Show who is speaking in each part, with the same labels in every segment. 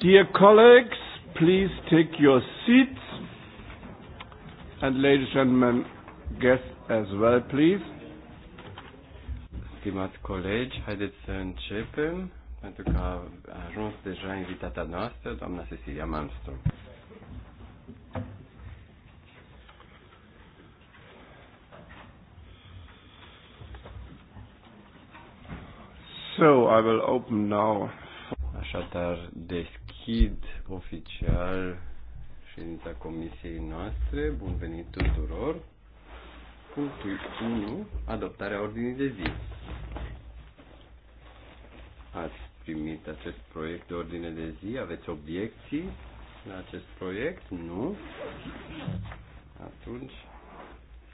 Speaker 1: Dear colleagues, please take your seats. And ladies and gentlemen, guests as well, please. Stimați colegi, haideți să începem, pentru că a ajuns deja invitata noastră, doamna Cecilia Malmström. So I will open now. Așadar, deschid oficial ședința comisiei noastre. Bun venit tuturor. Punctul 1. Adoptarea ordinii de zi. Ați primit acest proiect de ordine de zi? Aveți obiecții la acest proiect? Nu? Atunci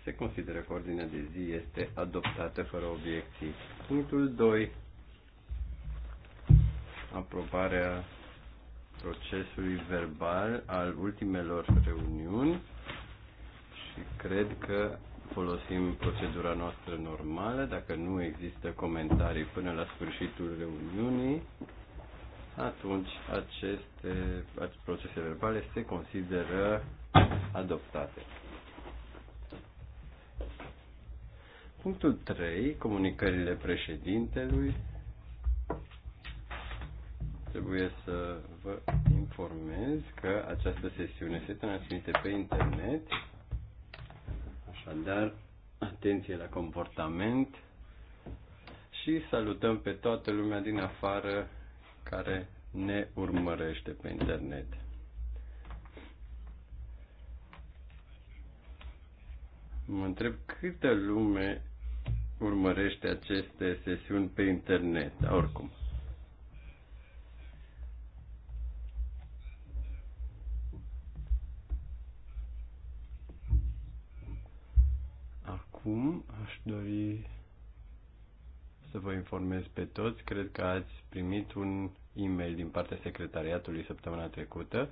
Speaker 1: se consideră că ordinea de zi este adoptată fără obiecții. Punctul 2 aprobarea procesului verbal al ultimelor reuniuni și cred că folosim procedura noastră normală. Dacă nu există comentarii până la sfârșitul reuniunii, atunci aceste, aceste procese verbale se consideră adoptate. Punctul 3. Comunicările președintelui trebuie să vă informez că această sesiune se transmite pe internet. Așadar, atenție la comportament și salutăm pe toată lumea din afară care ne urmărește pe internet. Mă întreb câtă lume urmărește aceste sesiuni pe internet, oricum. Acum aș dori să vă informez pe toți. Cred că ați primit un e-mail din partea secretariatului săptămâna trecută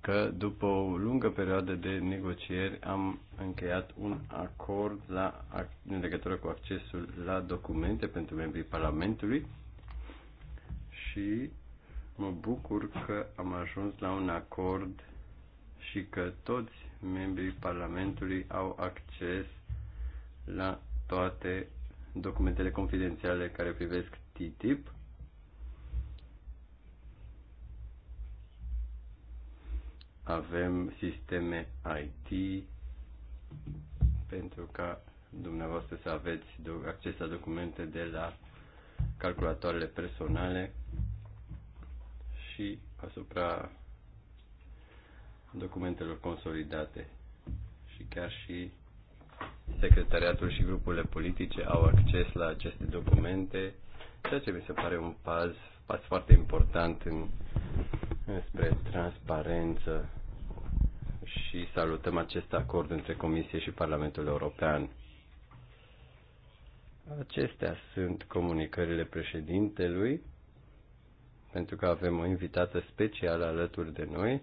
Speaker 1: că după o lungă perioadă de negocieri am încheiat un acord la, în legătură cu accesul la documente pentru membrii Parlamentului și mă bucur că am ajuns la un acord și că toți membrii Parlamentului au acces la toate documentele confidențiale care privesc TTIP. Avem sisteme IT pentru ca dumneavoastră să aveți acces la documente de la calculatoarele personale și asupra documentelor consolidate și chiar și Secretariatul și grupurile politice au acces la aceste documente, ceea ce mi se pare un pas, pas foarte important în, spre transparență și salutăm acest acord între Comisie și Parlamentul European. Acestea sunt comunicările președintelui, pentru că avem o invitată specială alături de noi,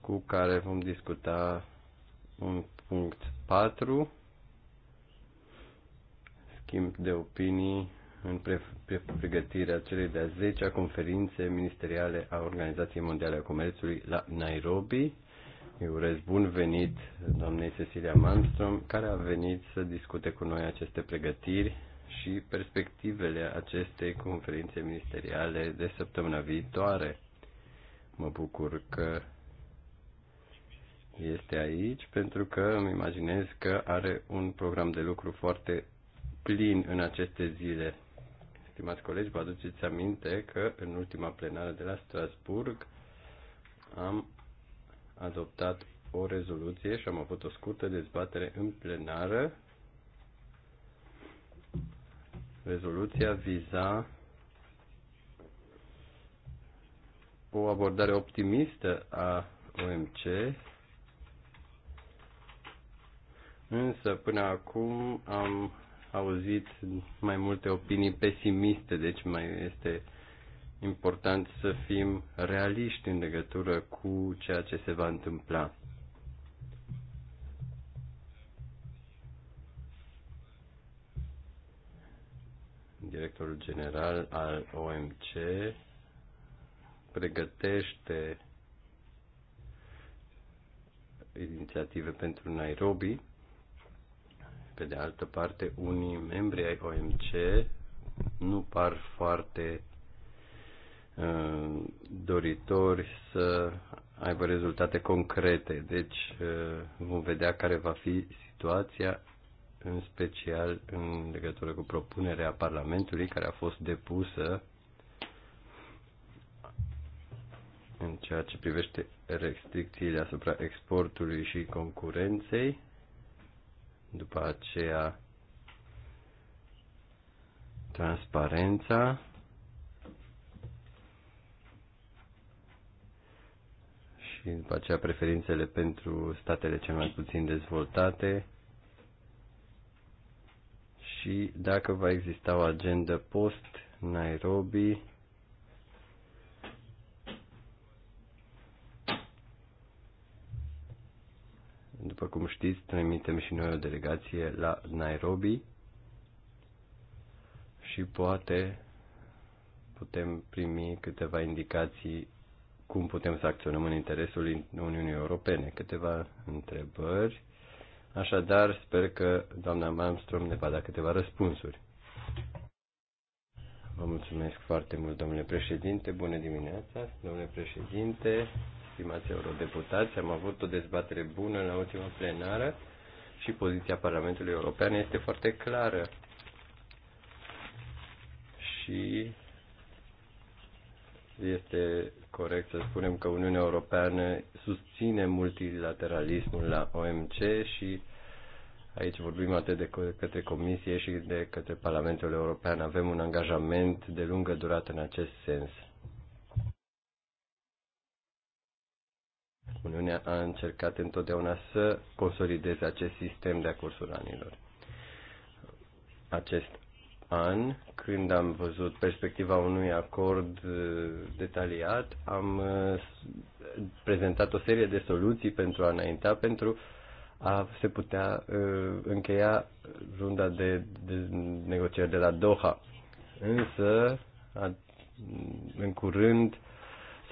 Speaker 1: cu care vom discuta un punct 4, schimb de opinii în pregătirea celei de-a 10-a conferințe ministeriale a Organizației Mondiale a Comerțului la Nairobi. Îi urez bun venit doamnei Cecilia Malmström, care a venit să discute cu noi aceste pregătiri și perspectivele acestei conferințe ministeriale de săptămâna viitoare. Mă bucur că este aici pentru că îmi imaginez că are un program de lucru foarte plin în aceste zile. Stimați colegi, vă aduceți aminte că în ultima plenară de la Strasburg am adoptat o rezoluție și am avut o scurtă dezbatere în plenară. Rezoluția viza o abordare optimistă a OMC Însă, până acum am auzit mai multe opinii pesimiste, deci mai este important să fim realiști în legătură cu ceea ce se va întâmpla. Directorul general al OMC pregătește inițiative pentru Nairobi pe de altă parte, unii membri ai OMC nu par foarte uh, doritori să aibă rezultate concrete. Deci uh, vom vedea care va fi situația, în special în legătură cu propunerea Parlamentului care a fost depusă în ceea ce privește restricțiile asupra exportului și concurenței după aceea, transparența și după aceea preferințele pentru statele cel mai puțin dezvoltate și dacă va exista o agendă post-Nairobi După cum știți, trimitem și noi o delegație la Nairobi și poate putem primi câteva indicații cum putem să acționăm în interesul Uniunii Europene. Câteva întrebări. Așadar, sper că doamna Malmström ne va da câteva răspunsuri. Vă mulțumesc foarte mult, domnule președinte. Bună dimineața, domnule președinte, stimați eurodeputați. Am avut o dezbatere bună la ultima plenară și poziția Parlamentului European este foarte clară. Și este corect să spunem că Uniunea Europeană susține multilateralismul la OMC și aici vorbim atât de către Comisie și de către Parlamentul European. Avem un angajament de lungă durată în acest sens. Uniunea a încercat întotdeauna să consolideze acest sistem de-a cursul anilor. Acest an, când am văzut perspectiva unui acord uh, detaliat, am uh, prezentat o serie de soluții pentru a înainta, pentru a se putea uh, încheia runda de, de negocieri de la Doha. Însă, în curând,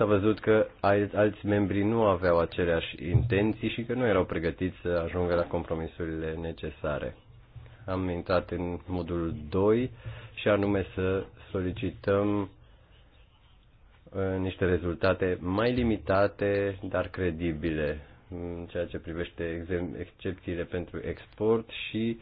Speaker 1: s-a văzut că alți, alți membri nu aveau aceleași intenții și că nu erau pregătiți să ajungă la compromisurile necesare. Am intrat în modul 2 și anume să solicităm uh, niște rezultate mai limitate, dar credibile, în ceea ce privește excepțiile pentru export și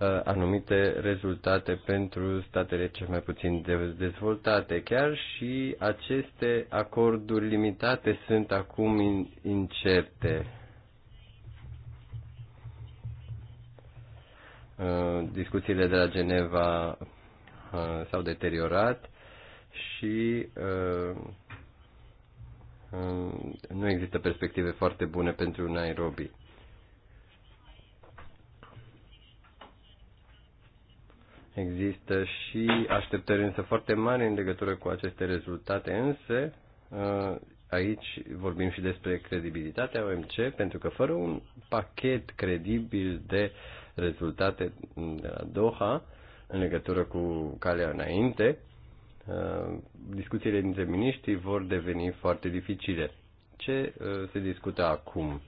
Speaker 1: Uh, anumite rezultate pentru statele cel mai puțin dezvoltate. Chiar și aceste acorduri limitate sunt acum incerte. Uh, discuțiile de la Geneva uh, s-au deteriorat și nu există perspective foarte bune pentru Nairobi. Există și așteptări însă foarte mari în legătură cu aceste rezultate, însă uh, aici vorbim și despre credibilitatea OMC, pentru că fără un pachet credibil de rezultate de la Doha în legătură cu calea înainte, uh, discuțiile dintre miniștri vor deveni foarte dificile. Ce uh, se discută acum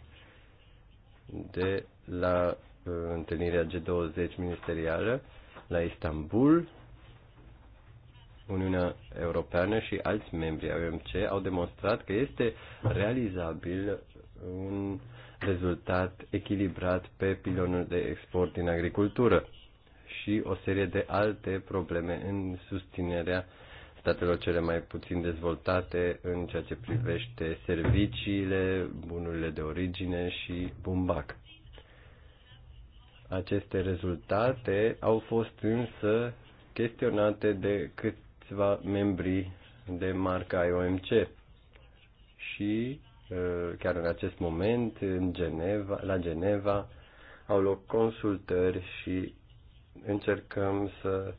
Speaker 1: de la întâlnirea G20 ministerială? la Istanbul, Uniunea Europeană și alți membri ai OMC au demonstrat că este realizabil un rezultat echilibrat pe pilonul de export din agricultură și o serie de alte probleme în susținerea statelor cele mai puțin dezvoltate în ceea ce privește serviciile, bunurile de origine și bumbac. Aceste rezultate au fost însă chestionate de câțiva membri de marca IOMC și uh, chiar în acest moment în Geneva, la Geneva au loc consultări și încercăm să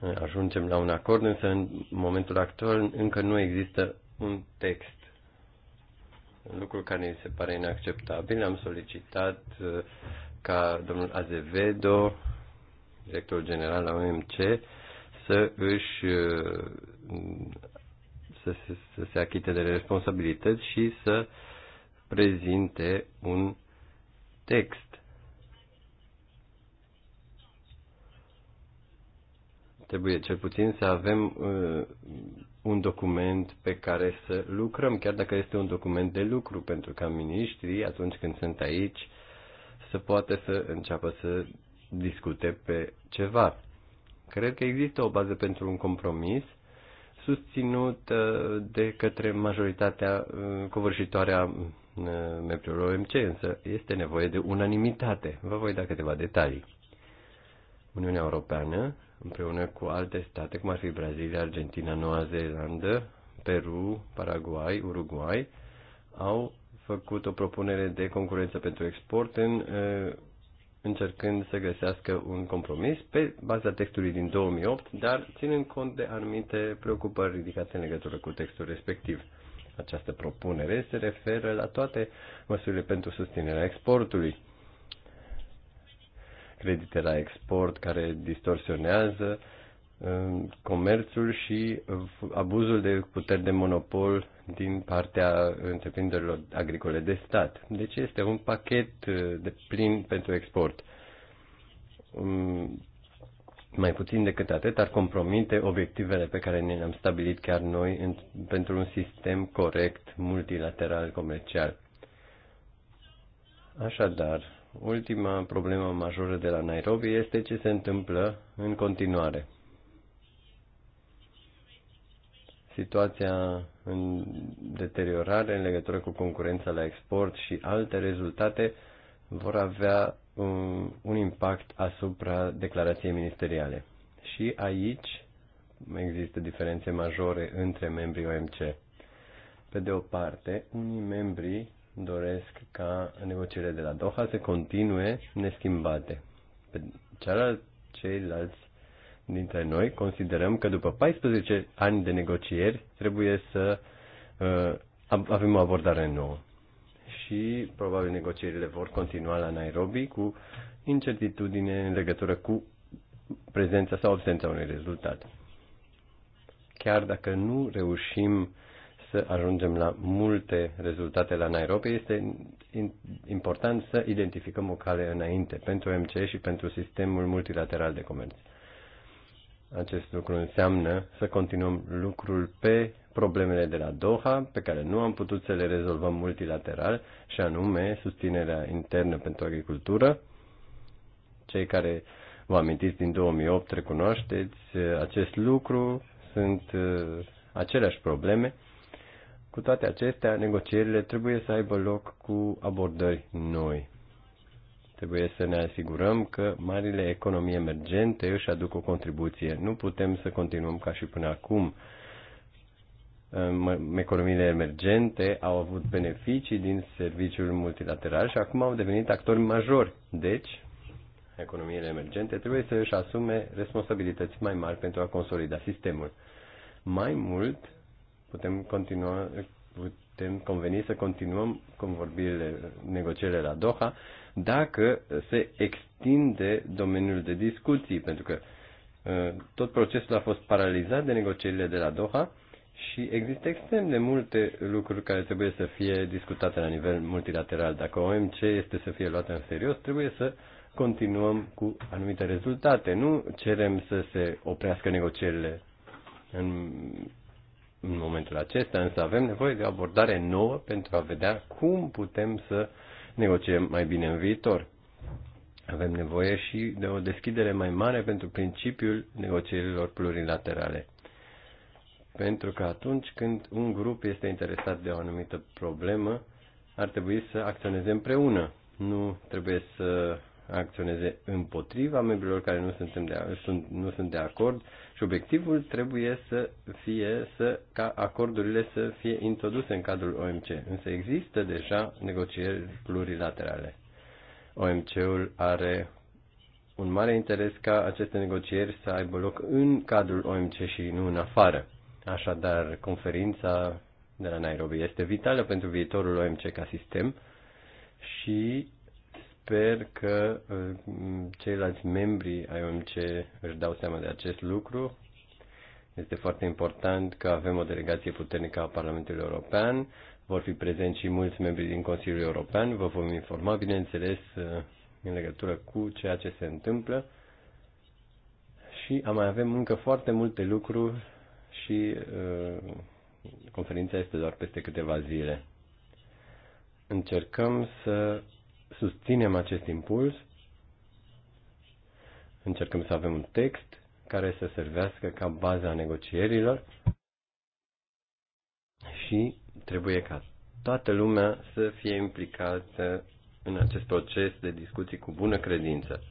Speaker 1: uh, ajungem la un acord, însă în momentul actual încă nu există un text lucru care mi se pare inacceptabil. Am solicitat uh, ca domnul Azevedo, directorul general la OMC, să își uh, să, se, să se achite de responsabilități și să prezinte un text. Trebuie cel puțin să avem uh, un document pe care să lucrăm, chiar dacă este un document de lucru, pentru ca miniștrii, atunci când sunt aici, să poată să înceapă să discute pe ceva. Cred că există o bază pentru un compromis susținut uh, de către majoritatea uh, covârșitoare a uh, membrilor OMC, însă este nevoie de unanimitate. Vă voi da câteva detalii. Uniunea Europeană împreună cu alte state, cum ar fi Brazilia, Argentina, Noua Zeelandă, Peru, Paraguay, Uruguay, au făcut o propunere de concurență pentru export în, încercând să găsească un compromis pe baza textului din 2008, dar ținând cont de anumite preocupări ridicate în legătură cu textul respectiv. Această propunere se referă la toate măsurile pentru susținerea exportului credite la export care distorsionează uh, comerțul și abuzul de puteri de monopol din partea întreprinderilor agricole de stat. Deci este un pachet uh, de plin pentru export. Um, mai puțin decât atât ar compromite obiectivele pe care ne le-am stabilit chiar noi în, pentru un sistem corect multilateral comercial. Așadar, ultima problemă majoră de la Nairobi este ce se întâmplă în continuare. Situația în deteriorare în legătură cu concurența la export și alte rezultate vor avea un, un impact asupra declarației ministeriale. Și aici există diferențe majore între membrii OMC. Pe de o parte, unii membri doresc ca negocierile de la Doha să continue neschimbate. Pe cealalt, ceilalți dintre noi considerăm că după 14 ani de negocieri trebuie să uh, avem o abordare nouă. Și probabil negocierile vor continua la Nairobi cu incertitudine în legătură cu prezența sau absența unui rezultat. Chiar dacă nu reușim să ajungem la multe rezultate la Nairobi, este important să identificăm o cale înainte pentru MCE și pentru sistemul multilateral de comerț. Acest lucru înseamnă să continuăm lucrul pe problemele de la Doha, pe care nu am putut să le rezolvăm multilateral, și anume susținerea internă pentru agricultură. Cei care vă amintiți din 2008 recunoașteți acest lucru, sunt uh, aceleași probleme cu toate acestea, negocierile trebuie să aibă loc cu abordări noi. Trebuie să ne asigurăm că marile economii emergente își aduc o contribuție. Nu putem să continuăm ca și până acum. Economiile emergente au avut beneficii din serviciul multilateral și acum au devenit actori majori. Deci, economiile emergente trebuie să își asume responsabilități mai mari pentru a consolida sistemul. Mai mult, putem continua, putem conveni să continuăm convorbirile, negocierile la Doha, dacă se extinde domeniul de discuții, pentru că ă, tot procesul a fost paralizat de negocierile de la Doha și există extrem de multe lucruri care trebuie să fie discutate la nivel multilateral. Dacă OMC este să fie luată în serios, trebuie să continuăm cu anumite rezultate. Nu cerem să se oprească negocierile în în momentul acesta, însă avem nevoie de o abordare nouă pentru a vedea cum putem să negociem mai bine în viitor. Avem nevoie și de o deschidere mai mare pentru principiul negocierilor plurilaterale. Pentru că atunci când un grup este interesat de o anumită problemă, ar trebui să acționeze împreună. Nu trebuie să acționeze împotriva membrilor care nu, suntem de, sunt, nu sunt de acord Subiectivul trebuie să fie să, ca acordurile să fie introduse în cadrul OMC, însă există deja negocieri plurilaterale. OMC-ul are un mare interes ca aceste negocieri să aibă loc în cadrul OMC și nu în afară. Așadar, conferința de la Nairobi este vitală pentru viitorul OMC ca sistem și sper că uh, ceilalți membri ai OMC își dau seama de acest lucru. Este foarte important că avem o delegație puternică a Parlamentului European. Vor fi prezenți și mulți membri din Consiliul European. Vă vom informa, bineînțeles, uh, în legătură cu ceea ce se întâmplă. Și mai avem încă foarte multe lucruri și uh, conferința este doar peste câteva zile. Încercăm să susținem acest impuls, încercăm să avem un text care să servească ca baza a negocierilor și trebuie ca toată lumea să fie implicată în acest proces de discuții cu bună credință.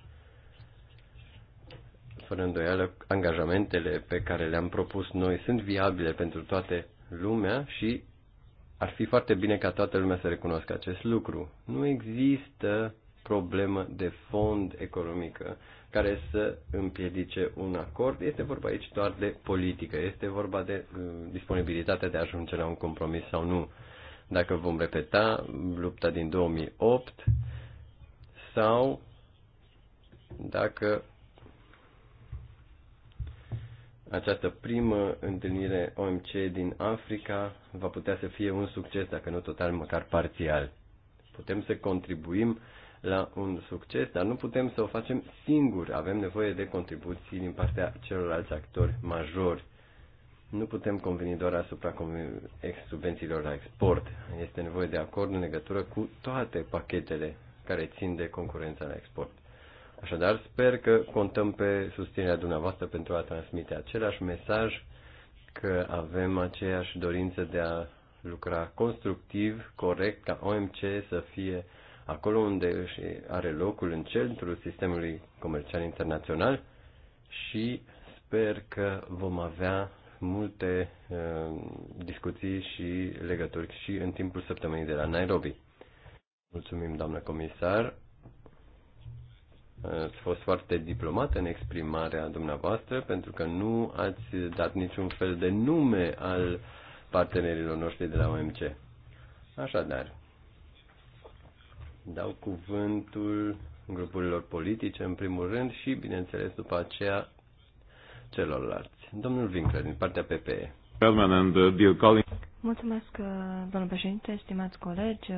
Speaker 1: Fără îndoială, angajamentele pe care le-am propus noi sunt viabile pentru toate lumea și ar fi foarte bine ca toată lumea să recunoască acest lucru. Nu există problemă de fond economică care să împiedice un acord. Este vorba aici doar de politică, este vorba de uh, disponibilitatea de a ajunge la un compromis sau nu. Dacă vom repeta lupta din 2008 sau dacă această primă întâlnire OMC din Africa va putea să fie un succes, dacă nu total, măcar parțial. Putem să contribuim la un succes, dar nu putem să o facem singur. Avem nevoie de contribuții din partea celorlalți actori majori. Nu putem conveni doar asupra subvențiilor la export. Este nevoie de acord în legătură cu toate pachetele care țin de concurența la export. Așadar, sper că contăm pe susținerea dumneavoastră pentru a transmite același mesaj, că avem aceeași dorință de a lucra constructiv, corect, ca OMC să fie acolo unde își are locul în centrul sistemului comercial internațional și sper că vom avea multe uh, discuții și legături și în timpul săptămânii de la Nairobi. Mulțumim, doamnă comisar ați fost foarte diplomat în exprimarea dumneavoastră, pentru că nu ați dat niciun fel de nume al partenerilor noștri de la OMC. Așadar, dau cuvântul grupurilor politice, în primul rând, și, bineînțeles, după aceea, celorlalți. Domnul Winkler, din partea PPE. Uh,
Speaker 2: mulțumesc, uh, domnul președinte, stimați colegi. Uh,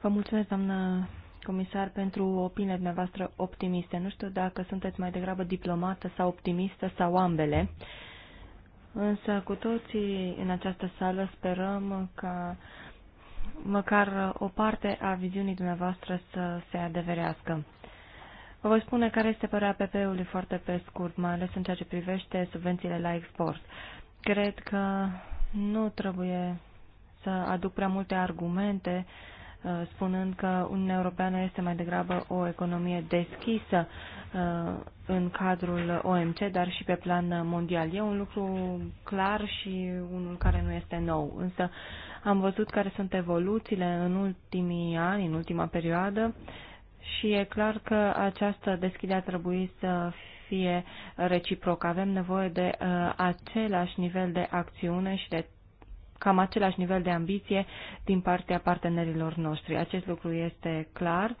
Speaker 2: vă mulțumesc, doamnă comisar, pentru opiniile dumneavoastră optimiste. Nu știu dacă sunteți mai degrabă diplomată sau optimistă sau ambele, însă cu toții în această sală sperăm ca măcar o parte a viziunii dumneavoastră să se adeverească. Vă voi spune care este părerea PP-ului foarte pe scurt, mai ales în ceea ce privește subvențiile la export. Cred că nu trebuie să aduc prea multe argumente uh, Uh, spunând că Uniunea Europeană este mai degrabă o economie deschisă uh, în cadrul OMC, dar și pe plan mondial. E un lucru clar și unul care nu este nou, însă am văzut care sunt evoluțiile în ultimii ani, în ultima perioadă și e clar că această deschidere a trebuit să fie reciprocă. Avem nevoie de uh, același nivel de acțiune și de cam același nivel de ambiție din partea partenerilor noștri. Acest lucru este clar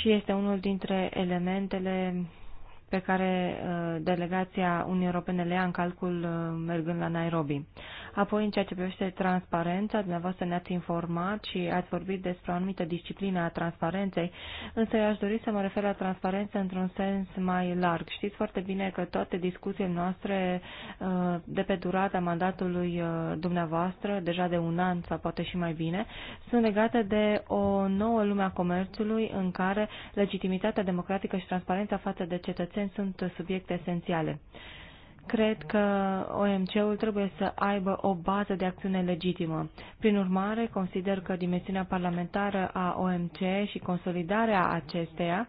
Speaker 2: și este unul dintre elementele pe care uh, delegația Uniunii Europene le ia în calcul uh, mergând la Nairobi. Apoi, în ceea ce privește transparența, dumneavoastră ne-ați informat și ați vorbit despre o anumită disciplină a transparenței, însă eu aș dori să mă refer la transparență într-un sens mai larg. Știți foarte bine că toate discuțiile noastre uh, de pe durata mandatului uh, dumneavoastră, deja de un an sau poate și mai bine, sunt legate de o nouă lume a comerțului în care legitimitatea democratică și transparența față de cetățeni sunt subiecte esențiale. Cred că OMC-ul trebuie să aibă o bază de acțiune legitimă. Prin urmare, consider că dimensiunea parlamentară a OMC și consolidarea acesteia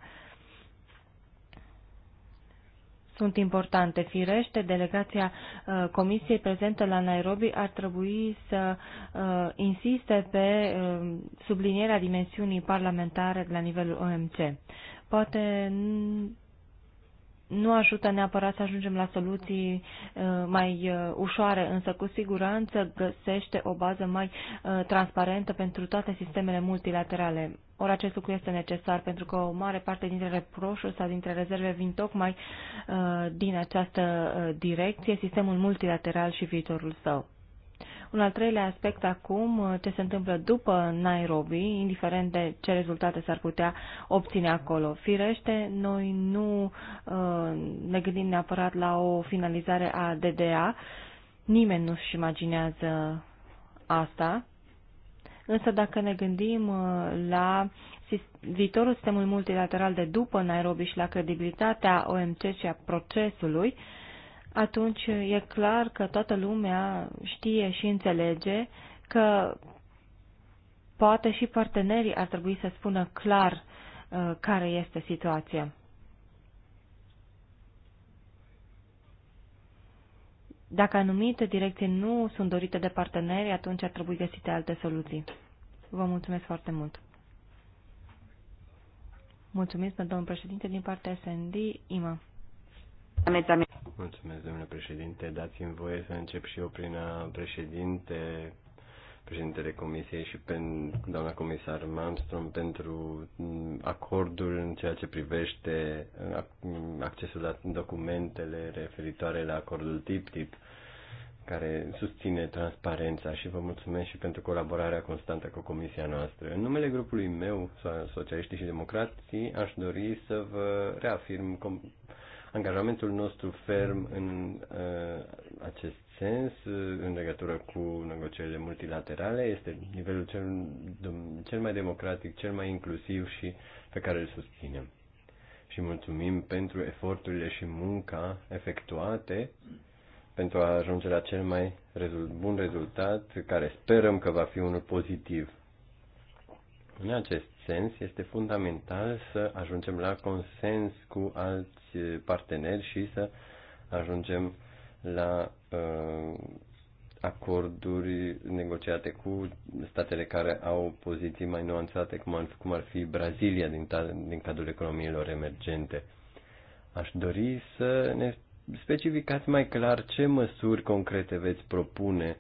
Speaker 2: sunt importante. Firește, delegația uh, Comisiei prezentă la Nairobi ar trebui să uh, insiste pe uh, sublinierea dimensiunii parlamentare la nivelul OMC. Poate nu ajută neapărat să ajungem la soluții uh, mai uh, ușoare, însă cu siguranță găsește o bază mai uh, transparentă pentru toate sistemele multilaterale. Ori acest lucru este necesar pentru că o mare parte dintre reproșuri sau dintre rezerve vin tocmai din această direcție, sistemul multilateral și viitorul său. Un al treilea aspect acum, ce se întâmplă după Nairobi, indiferent de ce rezultate s-ar putea obține acolo. Firește, noi nu uh, ne gândim neapărat la o finalizare a DDA, nimeni nu-și imaginează asta, Însă dacă ne gândim uh, la viitorul sistemului multilateral de după Nairobi și la credibilitatea OMC și a procesului, atunci e clar că toată lumea știe și înțelege că poate și partenerii ar trebui să spună clar uh, care este situația. Dacă anumite direcții nu sunt dorite de parteneri, atunci ar trebui găsite alte soluții. Vă mulțumesc foarte mult. Mulțumesc, domnul președinte, din partea SND, IMA.
Speaker 1: Mulțumesc, domnule președinte. Dați-mi voie să încep și eu prin a președinte, președintele Comisiei și pe doamna comisar Malmström pentru acordul în ceea ce privește accesul la documentele referitoare la acordul TIP-TIP care susține transparența și vă mulțumesc și pentru colaborarea constantă cu comisia noastră. În numele grupului meu, Socialiștii și Democrații, aș dori să vă reafirm com- angajamentul nostru ferm în uh, acest sens, uh, în legătură cu negocierile multilaterale, este nivelul cel, cel mai democratic, cel mai inclusiv și pe care îl susținem. Și mulțumim pentru eforturile și munca efectuate pentru a ajunge la cel mai bun rezultat, care sperăm că va fi unul pozitiv. În acest sens, este fundamental să ajungem la consens cu alți parteneri și să ajungem la uh, acorduri negociate cu statele care au poziții mai nuanțate, cum ar, cum ar fi Brazilia din, din cadrul economiilor emergente. Aș dori să ne specificați mai clar ce măsuri concrete veți propune,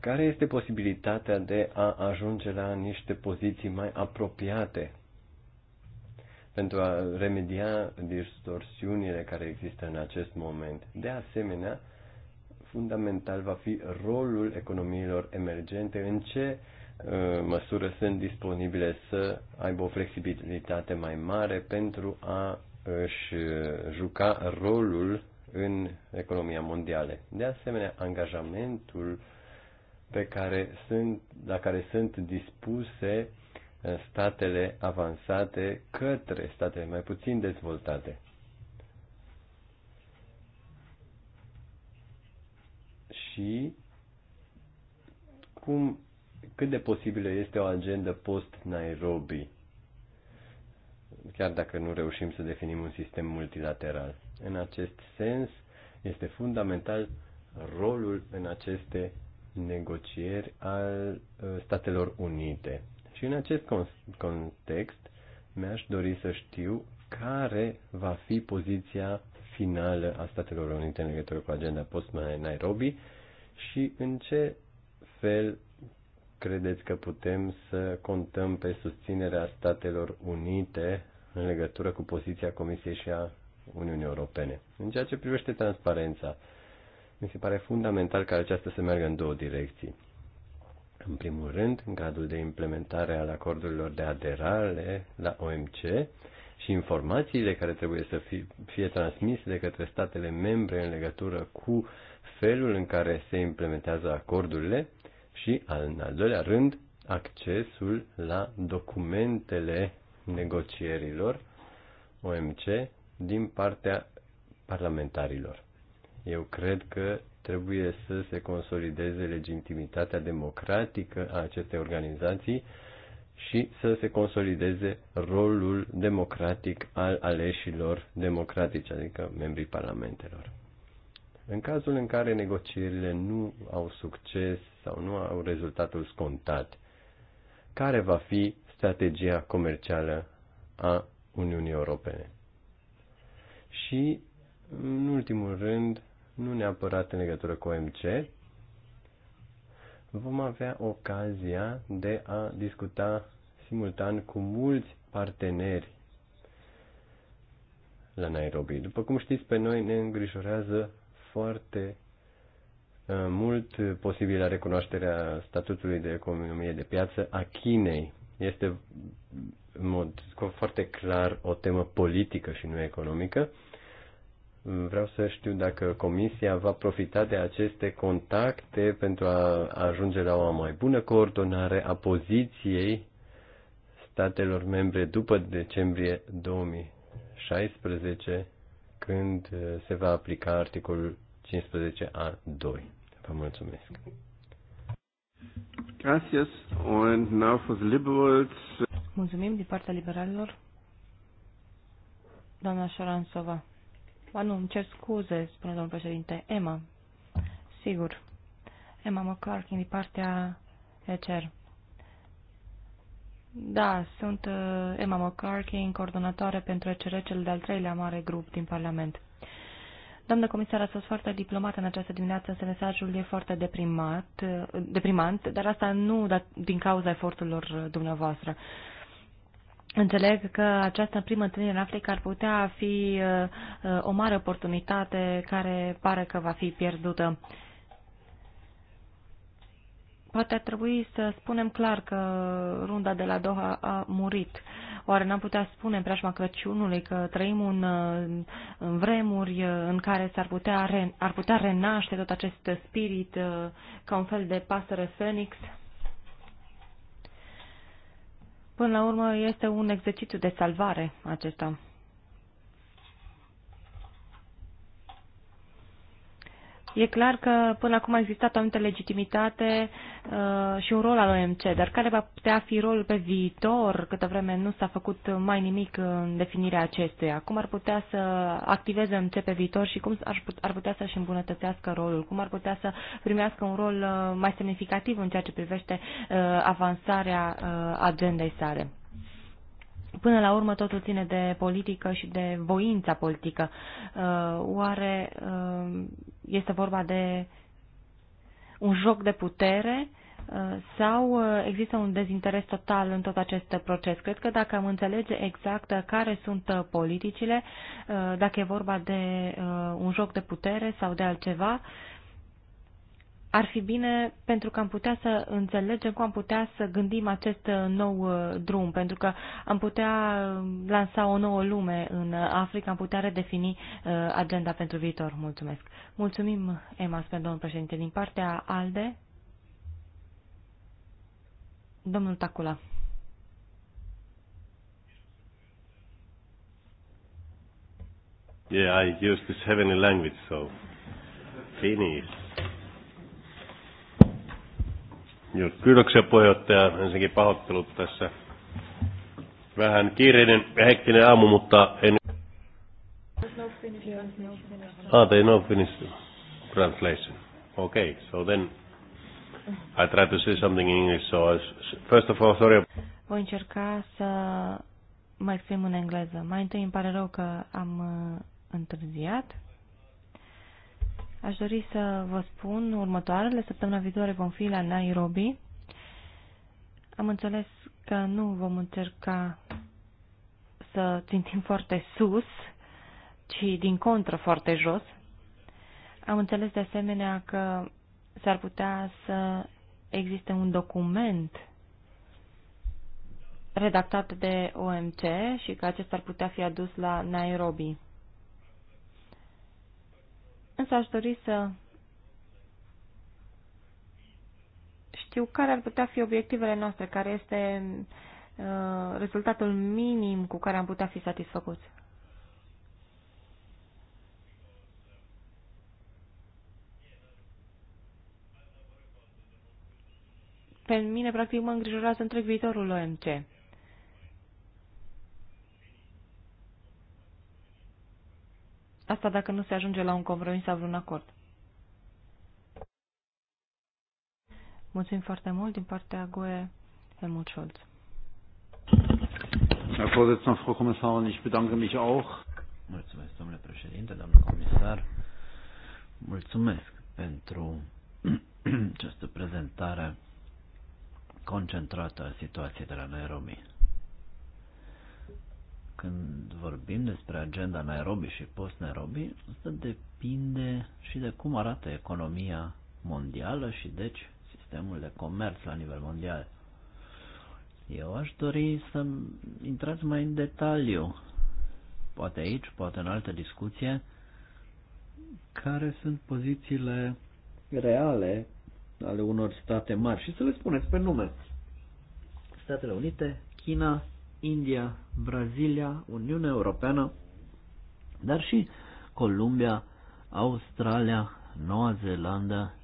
Speaker 1: care este posibilitatea de a ajunge la niște poziții mai apropiate pentru a remedia distorsiunile care există în acest moment. De asemenea, fundamental va fi rolul economiilor emergente, în ce uh, măsură sunt disponibile să aibă o flexibilitate mai mare pentru a își juca rolul în economia mondială. De asemenea, angajamentul pe care sunt, la care sunt dispuse statele avansate către statele mai puțin dezvoltate. Și cum, cât de posibilă este o agendă post-Nairobi, chiar dacă nu reușim să definim un sistem multilateral. În acest sens, este fundamental rolul în aceste negocieri al uh, Statelor Unite și în acest context mi-aș dori să știu care va fi poziția finală a Statelor Unite în legătură cu agenda post-Nairobi și în ce fel credeți că putem să contăm pe susținerea Statelor Unite în legătură cu poziția Comisiei și a Uniunii Europene. În ceea ce privește transparența, mi se pare fundamental ca aceasta să meargă în două direcții. În primul rând, gradul de implementare al acordurilor de aderare la OMC și informațiile care trebuie să fie, fie transmise de către statele membre în legătură cu felul în care se implementează acordurile și, în al doilea rând, accesul la documentele negocierilor OMC din partea parlamentarilor. Eu cred că trebuie să se consolideze legitimitatea democratică a acestei organizații și să se consolideze rolul democratic al aleșilor democratici, adică membrii parlamentelor. În cazul în care negocierile nu au succes sau nu au rezultatul scontat, care va fi strategia comercială a Uniunii Europene? Și, în ultimul rând, nu neapărat în legătură cu OMC, vom avea ocazia de a discuta simultan cu mulți parteneri la Nairobi. După cum știți, pe noi ne îngrijorează foarte uh, mult posibilă recunoașterea statutului de economie de piață a Chinei. Este în mod foarte clar o temă politică și nu economică. Vreau să știu dacă Comisia va profita de aceste contacte pentru a ajunge la o mai bună coordonare a poziției statelor membre după decembrie 2016, când uh, se va aplica articolul 15a2. Vă mulțumesc. Gracias. And now for the liberals.
Speaker 2: Mulțumim din partea liberalilor. Doamna Șoransova. Ba nu, îmi cer scuze, spune domnul președinte. Emma. Sigur. Emma McClarkin din partea ECR. Da, sunt uh, Emma McCarkin, coordonatoare pentru ECR, cel de-al treilea mare grup din Parlament. Doamnă comisară, ați fost foarte diplomată în această dimineață, însă mesajul e foarte deprimat, uh, deprimant, dar asta nu da, din cauza eforturilor uh, dumneavoastră. Înțeleg că această primă întâlnire în Africa ar putea fi uh, uh, o mare oportunitate care pare că va fi pierdută. Poate ar trebui să spunem clar că runda de la Doha a murit. Oare n-am putea spune în preajma Crăciunului că trăim un, uh, în vremuri în care s-ar putea, re, putea renaște tot acest spirit ca un fel de pasăre fenix? Până la urmă, este un exercițiu de salvare acesta. E clar că până acum a existat o anumită legitimitate uh, și un rol al OMC, dar care va putea fi rolul pe viitor, câtă vreme nu s-a făcut mai nimic în definirea acestuia? Cum ar putea să activeze OMC pe viitor și cum ar putea să-și îmbunătățească rolul? Cum ar putea să primească un rol uh, mai semnificativ în ceea ce privește uh, avansarea uh, agendei sale? Până la urmă totul ține de politică și de voința politică. Uh, oare uh, este vorba de un joc de putere uh, sau există un dezinteres total în tot acest proces? Cred că dacă am înțelege exact care sunt politicile, dacă e vorba de un joc de putere sau de altceva, ar fi bine pentru că am putea să înțelegem cum am putea să gândim acest uh, nou uh, drum, pentru că am putea uh, lansa o nouă lume în Africa, am putea redefini agenda pentru viitor. Mulțumesc. Mulțumim, Emma, spre domnul președinte. Din partea ALDE, domnul Tacula.
Speaker 1: Yeah, I use this heavenly language, so Finnish. kiitoksia puheenjohtaja. Ensinnäkin pahoittelut tässä. Vähän kiireinen ja hektinen aamu, mutta en... Ah, they no finish translation. Okay, so then I try to say something in English. So I,
Speaker 2: first of all, sorry. Voi încerca să mă exprim în engleză. Mai întâi îmi pare rău că am uh, întârziat. Aș dori să vă spun următoarele. Săptămâna viitoare vom fi la Nairobi. Am înțeles că nu vom încerca să țintim foarte sus, ci din contră foarte jos. Am înțeles de asemenea că s-ar putea să existe un document redactat de OMC și că acesta ar putea fi adus la Nairobi. Însă aș dori să știu care ar putea fi obiectivele noastre, care este uh, rezultatul minim cu care am putea fi satisfăcuți. Pe mine, practic, mă îngrijorează întreg viitorul OMC. Asta dacă nu se ajunge la un compromis sau un acord. Mulțumim foarte mult din partea GUE Helmut Scholz.
Speaker 3: Herr Vorsitzender, Frau Kommissarin, ich bedanke mich auch. Mulțumesc, domnule președinte, domnule comisar. Mulțumesc pentru această prezentare concentrată a situației de la noi când vorbim despre agenda Nairobi și post-Nairobi, asta depinde și de cum arată economia mondială și deci sistemul de comerț la nivel mondial. Eu aș dori să intrați mai în detaliu, poate aici, poate în altă discuție, care sunt pozițiile reale ale unor state mari și să le spuneți pe nume. Statele Unite, China, India, Brazilia, Uniunea Europeană, dar și Columbia, Australia, Noua Zeelandă,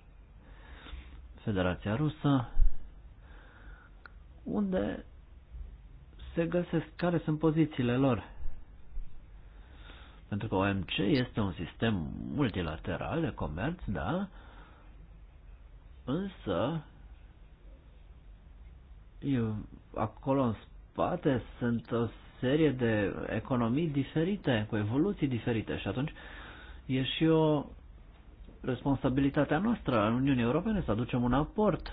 Speaker 3: Federația Rusă, unde se găsesc care sunt pozițiile lor. Pentru că OMC este un sistem multilateral de comerț, da, însă eu, acolo în spate sunt o serie de economii diferite, cu evoluții diferite și atunci e și o responsabilitatea noastră a Uniunii Europene să aducem un aport.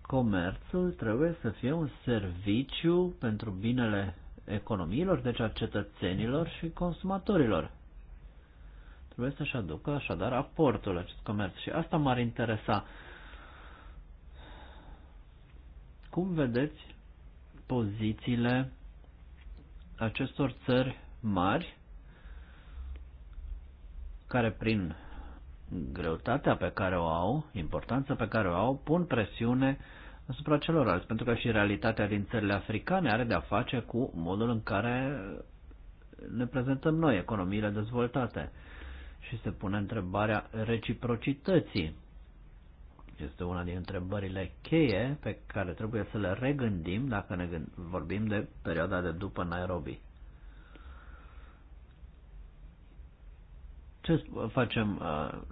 Speaker 3: Comerțul trebuie să fie un serviciu pentru binele economiilor, deci a cetățenilor și consumatorilor. Trebuie să-și aducă așadar aportul acest comerț și asta m-ar interesa Cum vedeți pozițiile acestor țări mari care prin greutatea pe care o au, importanța pe care o au, pun presiune asupra celorlalți, pentru că și realitatea din țările africane are de-a face cu modul în care ne prezentăm noi economiile dezvoltate și se pune întrebarea reciprocității este una din întrebările cheie pe care trebuie să le regândim dacă ne gând- vorbim de perioada de după Nairobi. Ce facem?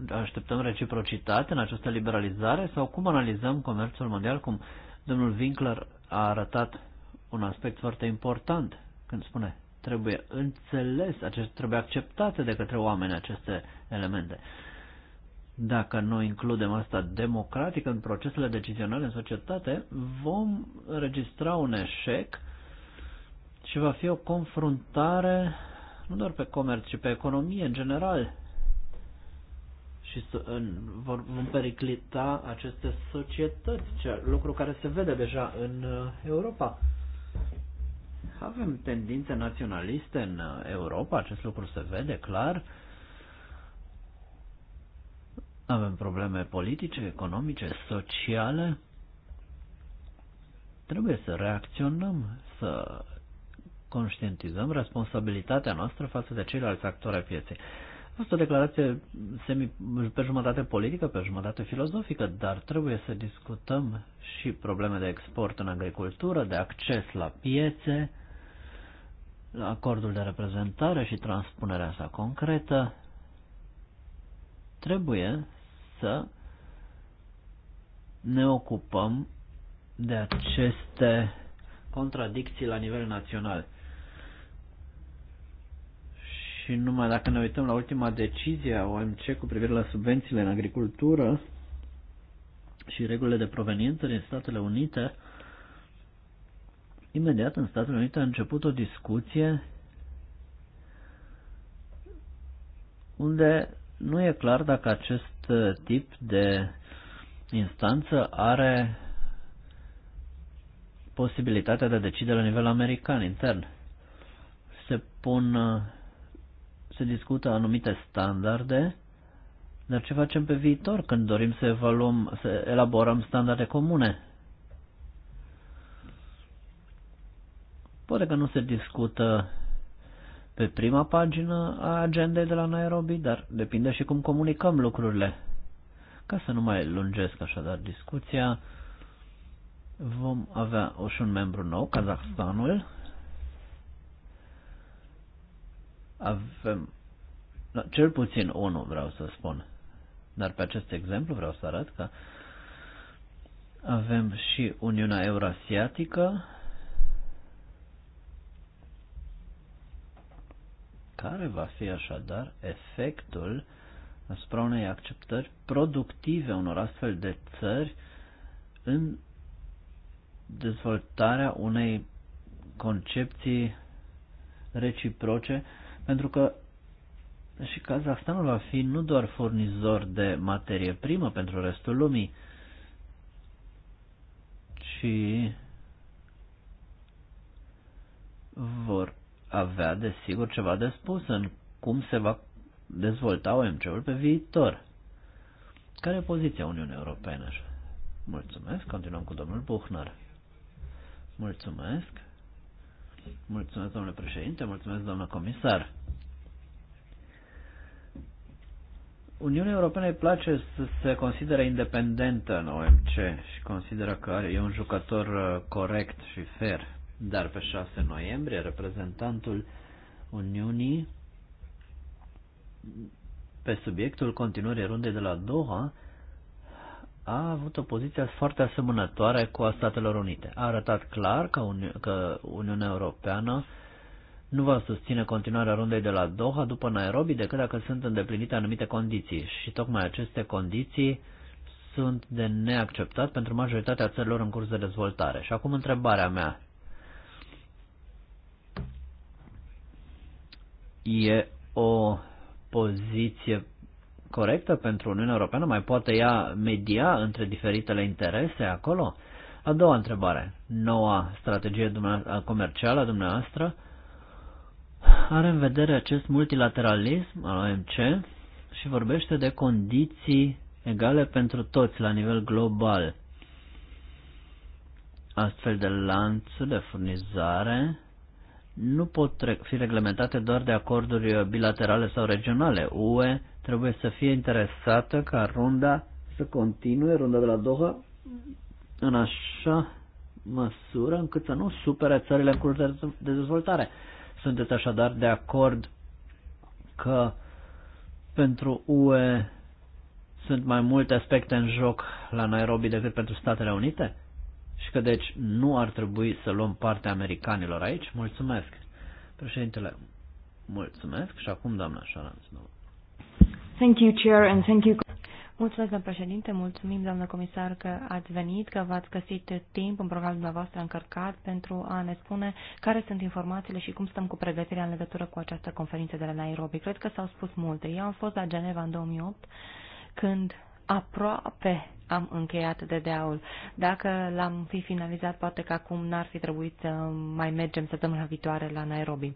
Speaker 3: Uh, așteptăm reciprocitate în această liberalizare sau cum analizăm comerțul mondial? Cum domnul Winkler a arătat un aspect foarte important când spune trebuie înțeles, acest, trebuie acceptate de către oameni aceste elemente. Dacă noi includem asta democratic în procesele decizionale în societate, vom registra un eșec și va fi o confruntare nu doar pe comerț, ci pe economie în general. Și vor, vom periclita aceste societăți, lucru care se vede deja în uh, Europa. Avem tendințe naționaliste în uh, Europa, acest lucru se vede clar. Avem probleme politice, economice, sociale. Trebuie să reacționăm, să conștientizăm responsabilitatea noastră față de ceilalți actori ai pieței. Asta o declarație semi, pe jumătate politică, pe jumătate filozofică, dar trebuie să discutăm și probleme de export în agricultură, de acces la piețe, la acordul de reprezentare și transpunerea sa concretă. Trebuie să ne ocupăm de aceste contradicții la nivel național. Și numai dacă ne uităm la ultima decizie a OMC cu privire la subvențiile în agricultură și regulile de proveniență din Statele Unite, imediat în Statele Unite a început o discuție unde nu e clar dacă acest Uh, tip de instanță are posibilitatea de a decide la nivel american, intern. Se pun, uh, se discută anumite standarde, dar ce facem pe viitor când dorim să evaluăm, să elaborăm standarde comune? Poate că nu se discută pe prima pagină a agendei de la Nairobi, dar depinde și cum comunicăm lucrurile. Ca să nu mai lungesc așadar discuția, vom avea și un membru nou, Kazahstanul. Avem no, da, cel puțin unul, vreau să spun. Dar pe acest exemplu vreau să arăt că avem și Uniunea Eurasiatică, Care va fi așadar efectul asupra unei acceptări productive unor astfel de țări în dezvoltarea unei concepții reciproce, pentru că și Kazahstanul va fi nu doar furnizor de materie primă pentru restul lumii, ci vor avea, desigur, ceva de spus în cum se va dezvolta OMC-ul pe viitor. Care e poziția Uniunii Europene? Mulțumesc. Continuăm cu domnul Buchner. Mulțumesc. Mulțumesc, domnule președinte. Mulțumesc, domnule comisar. Uniunea Europeană îi place să se considere independentă în OMC și consideră că e un jucător uh, corect și fair. Dar pe 6 noiembrie, reprezentantul Uniunii pe subiectul continuării rundei de la Doha a avut o poziție foarte asemănătoare cu a Statelor Unite. A arătat clar că, Uni- că Uniunea Europeană nu va susține continuarea rundei de la Doha după Nairobi decât dacă sunt îndeplinite anumite condiții și tocmai aceste condiții sunt de neacceptat pentru majoritatea țărilor în curs de dezvoltare. Și acum întrebarea mea, e o poziție corectă pentru Uniunea Europeană? Mai poate ea media între diferitele interese acolo? A doua întrebare. Noua strategie comercială a dumneavoastră are în vedere acest multilateralism al OMC și vorbește de condiții egale pentru toți la nivel global. Astfel de lanțuri de furnizare nu pot fi reglementate doar de acorduri bilaterale sau regionale. UE trebuie să fie interesată ca runda să continue, runda de la Doha, în așa măsură încât să nu supere țările în curs de dezvoltare. Sunteți așadar de acord că pentru UE sunt mai multe aspecte în joc la Nairobi decât pentru Statele Unite? și că deci nu ar trebui să luăm partea americanilor aici. Mulțumesc. Președintele, mulțumesc și acum doamna Șaranț.
Speaker 2: Thank you, Chair, and thank you. Mulțumesc, doamnă președinte, mulțumim, doamnă comisar, că ați venit, că v-ați găsit timp în programul dumneavoastră încărcat pentru a ne spune care sunt informațiile și cum stăm cu pregătirea în legătură cu această conferință de la Nairobi. Cred că s-au spus multe. Eu am fost la Geneva în 2008, când aproape am încheiat DDA-ul. Dacă l-am fi finalizat, poate că acum n-ar fi trebuit să mai mergem săptămâna viitoare la Nairobi.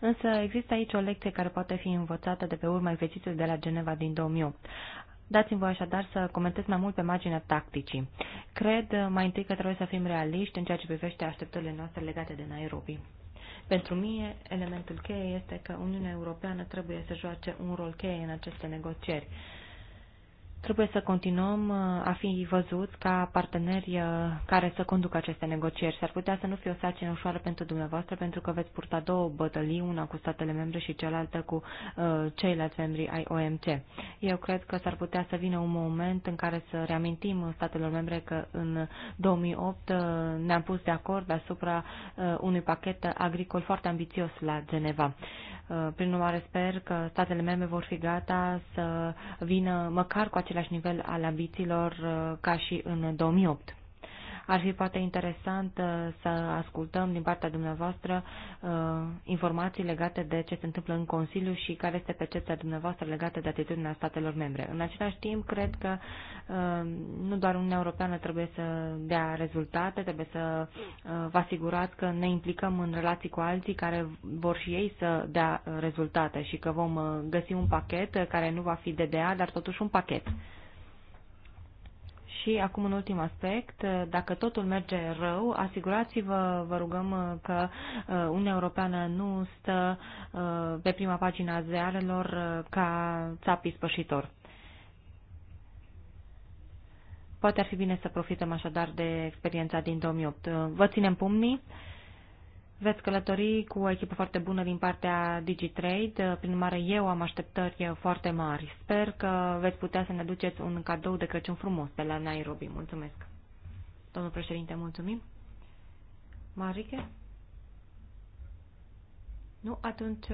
Speaker 2: Însă există aici o lecție care poate fi învățată de pe urma exercițiului de la Geneva din 2008. Dați-mi voi așadar să comentez mai mult pe marginea tacticii. Cred mai întâi că trebuie să fim realiști în ceea ce privește așteptările noastre legate de Nairobi. Pentru mine, elementul cheie este că Uniunea Europeană trebuie să joace un rol cheie în aceste negocieri trebuie să continuăm uh, a fi văzuți ca parteneri uh, care să conducă aceste negocieri. S-ar putea să nu fie o sarcină ușoară pentru dumneavoastră, pentru că veți purta două bătălii, una cu statele membre și cealaltă cu uh, ceilalți membri ai OMC. Eu cred că s-ar putea să vină un moment în care să reamintim statelor membre că în 2008 uh, ne-am pus de acord asupra uh, unui pachet agricol foarte ambițios la Geneva. Uh, prin urmare, sper că statele membre vor fi gata să vină măcar cu același nivel al ambițiilor uh, ca și în 2008. Ar fi poate interesant uh, să ascultăm din partea dumneavoastră uh, informații legate de ce se întâmplă în Consiliu și care este percepția dumneavoastră legată de atitudinea statelor membre. În același timp, cred că uh, nu doar Uniunea Europeană trebuie să dea rezultate, trebuie să vă asigurați că ne implicăm în relații cu alții care vor și ei să dea rezultate și că vom găsi un pachet care nu va fi DDA, dar totuși un pachet. Și acum un ultim aspect, dacă totul merge rău, asigurați-vă, vă rugăm că uh, Uniunea Europeană nu stă uh, pe prima pagina zearelor uh, ca țapii spășitor. Poate ar fi bine să profităm așadar de experiența din 2008. Vă ținem pumnii. Veți călători cu o echipă foarte bună din partea DigiTrade, prin urmare eu am așteptări foarte mari. Sper că veți putea să ne duceți un cadou de Crăciun frumos de la Nairobi. Mulțumesc. Domnul președinte, mulțumim. Marike? Nu, atunci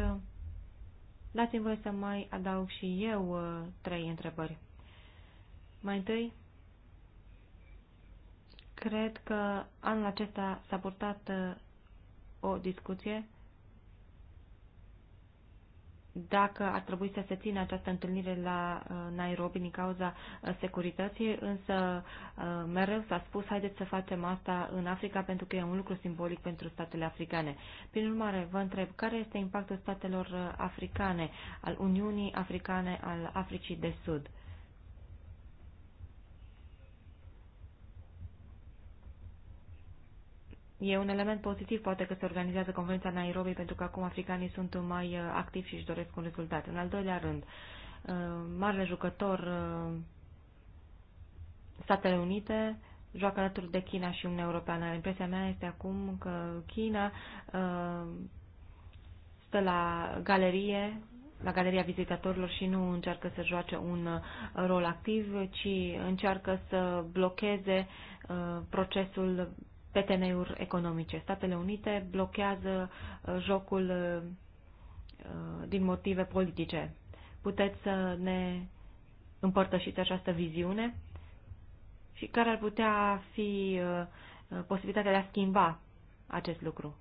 Speaker 2: dați-mi voi să mai adaug și eu uh, trei întrebări. Mai întâi, cred că anul acesta s-a purtat uh, o discuție dacă ar trebui să se țină această întâlnire la uh, Nairobi din cauza uh, securității, însă uh, mereu s-a spus haideți să facem asta în Africa pentru că e un lucru simbolic pentru statele africane. Prin urmare, vă întreb, care este impactul statelor africane, al Uniunii Africane, al Africii de Sud? E un element pozitiv, poate că se organizează conferința Nairobi, pentru că acum africanii sunt mai uh, activi și își doresc un rezultat. În al doilea rând, uh, marele jucător uh, Statele Unite joacă alături de China și Uniunea Europeană. Impresia mea este acum că China stă la galerie la galeria vizitatorilor și nu încearcă să joace un rol activ, ci încearcă să blocheze procesul pe temeiuri economice. Statele Unite blochează uh, jocul uh, uh, din motive politice. Puteți să ne împărtășiți această viziune? Și care ar putea fi posibilitatea de a schimba acest lucru?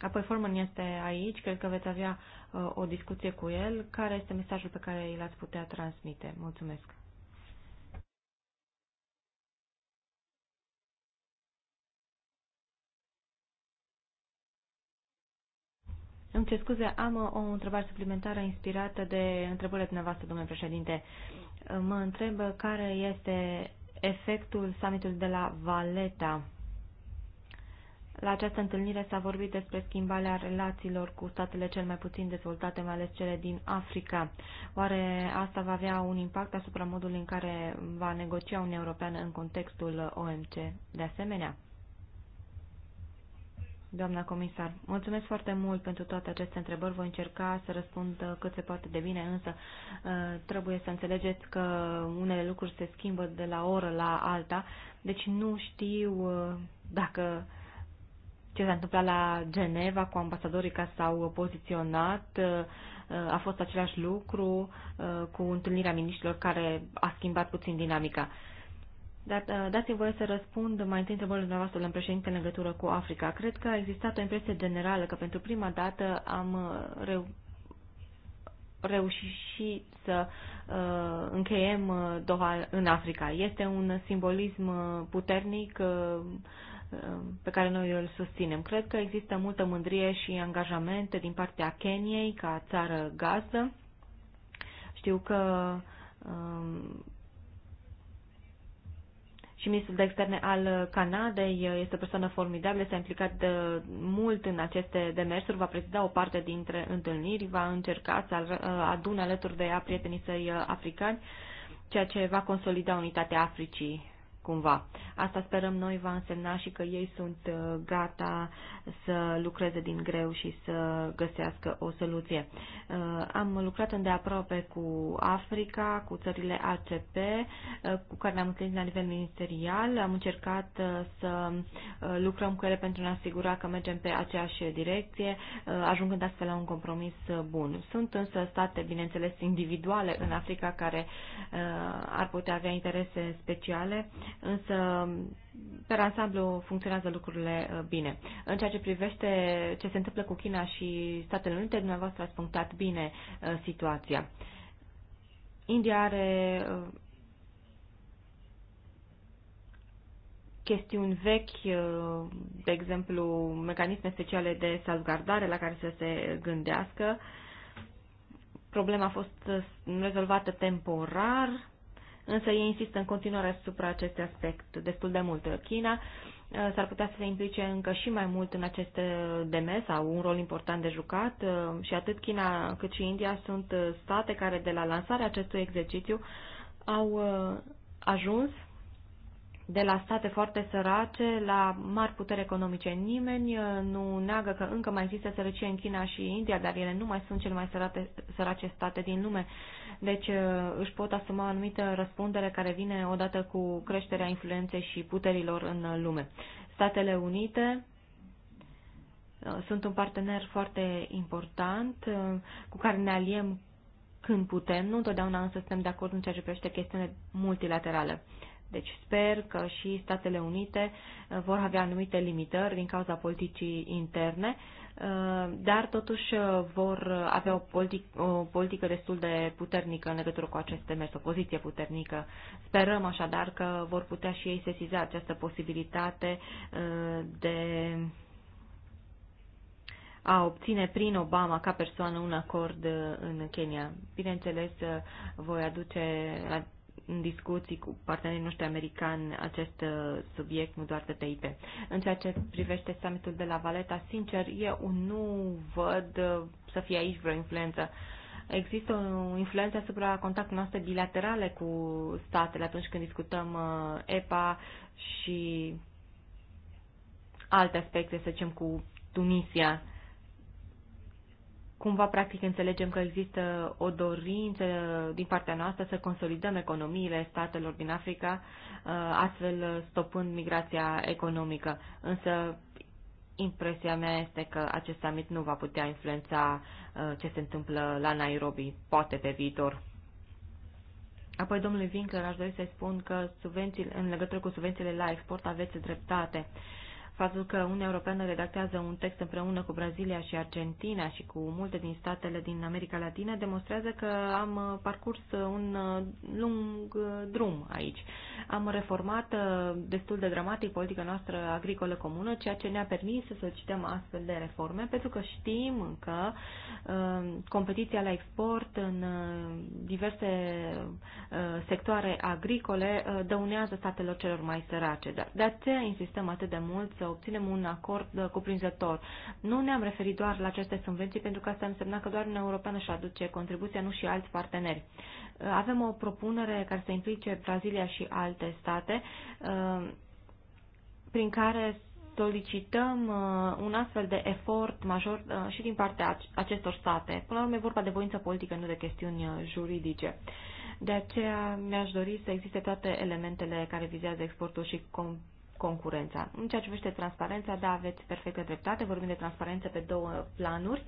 Speaker 2: Apoi Forman este aici, cred că veți avea uh, o discuție cu el. Care este mesajul pe care îl ați putea transmite? Mulțumesc! Îmi cer scuze, am uh, o întrebare suplimentară inspirată de întrebările dumneavoastră, domnule președinte. Uh, mă întreb uh, care este efectul summitului de la Valeta. La această întâlnire s-a vorbit despre schimbarea relațiilor cu statele cel mai puțin dezvoltate, mai ales cele din Africa. Oare asta va avea un impact asupra modului în care va negocia Uniunea Europeană în contextul OMC de asemenea? doamna comisar. Mulțumesc foarte mult pentru toate aceste întrebări. Voi încerca să răspund uh, cât se poate de bine, însă uh, trebuie să înțelegeți că unele lucruri se schimbă de la oră la alta, deci nu știu uh, dacă ce s-a întâmplat la Geneva cu ambasadorii care s-au poziționat, a fost același lucru cu întâlnirea miniștilor care a schimbat puțin dinamica. Dar uh, dați-mi voie să răspund mai întâi întrebările dumneavoastră la președinte în legătură cu Africa. Cred că a existat o impresie generală că pentru prima dată am uh, reu reușit să uh, încheiem uh, Doha în Africa. Este un simbolism puternic uh, pe care noi îl susținem. Cred că există multă mândrie și angajamente din partea Keniei ca țară gazdă. Știu că uh, și ministrul de externe al Canadei este o persoană formidabilă, s-a implicat de uh, mult în aceste demersuri, va prezida o parte dintre întâlniri, va încerca să uh, adune alături de ea prietenii săi uh, africani, ceea ce va consolida unitatea Africii cumva. Asta sperăm noi va însemna și că ei sunt uh, gata să lucreze din greu și să găsească o soluție. Uh, am lucrat îndeaproape cu Africa, cu țările ACP, uh, cu care ne-am întâlnit la nivel ministerial. Am încercat să lucrăm cu ele pentru a ne asigura că mergem pe aceeași direcție, ajungând astfel la un compromis bun. Sunt însă state, bineînțeles, individuale în Africa care ar putea avea interese speciale însă pe ansamblu funcționează lucrurile uh, bine. În ceea ce privește ce se întâmplă cu China și Statele Unite, dumneavoastră ați punctat bine uh, situația. India are uh, chestiuni vechi, de exemplu, mecanisme speciale de salvgardare la care să se gândească. Problema a fost rezolvată temporar însă ei insistă în continuare asupra acestui aspect destul de mult. China uh, s-ar putea să se implice încă și mai mult în aceste uh, demers, au un rol important de jucat uh, și atât China cât și India sunt state care de la lansarea acestui exercițiu au ajuns de la state foarte sărace la mari puteri economice. Nimeni uh, nu neagă că încă mai există sărăcie în China și India, dar ele nu mai sunt cele mai sărate, sărace state din lume. Deci uh, își pot asuma o anumită răspundere care vine odată cu creșterea influenței și puterilor în lume. Statele Unite uh, sunt un partener foarte important cu care ne aliem când putem, nu întotdeauna însă suntem de acord în ceea ce privește chestiune multilaterale. Deci sper că și Statele Unite uh, vor avea anumite limitări din cauza politicii interne, uh, dar totuși uh, vor avea o, politică, o politică destul de puternică în legătură cu aceste mers o poziție puternică. Sperăm așadar că vor putea și ei sesiza această posibilitate de a obține prin Obama ca persoană un acord în Kenya. Bineînțeles, voi aduce la în discuții cu partenerii noștri americani acest uh, subiect, nu doar TIP. În ceea ce privește summitul de la Valeta, sincer, eu nu văd uh, să fie aici vreo influență. Există o influență asupra contactului noastre bilaterale cu statele atunci când discutăm uh, EPA și alte aspecte, să zicem, cu Tunisia cumva practic înțelegem că există o dorință din partea noastră să consolidăm economiile statelor din Africa, uh, astfel stopând migrația economică. Însă impresia mea este că acest summit nu va putea influența uh, ce se întâmplă la Nairobi, poate pe viitor. Apoi, domnule Winkler, aș dori să spun că în legătură cu subvențiile la export aveți dreptate. Uh, faptul că Uniunea Europeană redactează un text împreună cu Brazilia și Argentina și cu multe din statele din America Latină demonstrează că am uh, parcurs uh, un uh, lung drum aici. Am reformat destul de dramatic politica noastră agricolă comună, ceea ce ne-a permis să solicităm astfel de reforme, pentru că știm că competiția la export în diverse sectoare agricole dăunează statelor celor mai sărace. De aceea insistăm atât de mult să obținem un acord uh, cuprinzător. Nu ne-am referit doar la aceste subvenții, pentru că asta însemna că doar Uniunea Europeană și aduce contribuția, nu și alți parteneri. Uh, avem o propunere care să implice Brazilia și alte state, uh, prin care solicităm uh, un astfel de efort major uh, și din partea acestor state. Până la urmă e vorba de voință politică, nu de chestiuni uh, juridice. De aceea mi-aș dori să existe toate elementele care vizează exportul și com- concurența. În ceea ce privește transparența, da, aveți perfectă dreptate, vorbim de transparență pe două planuri,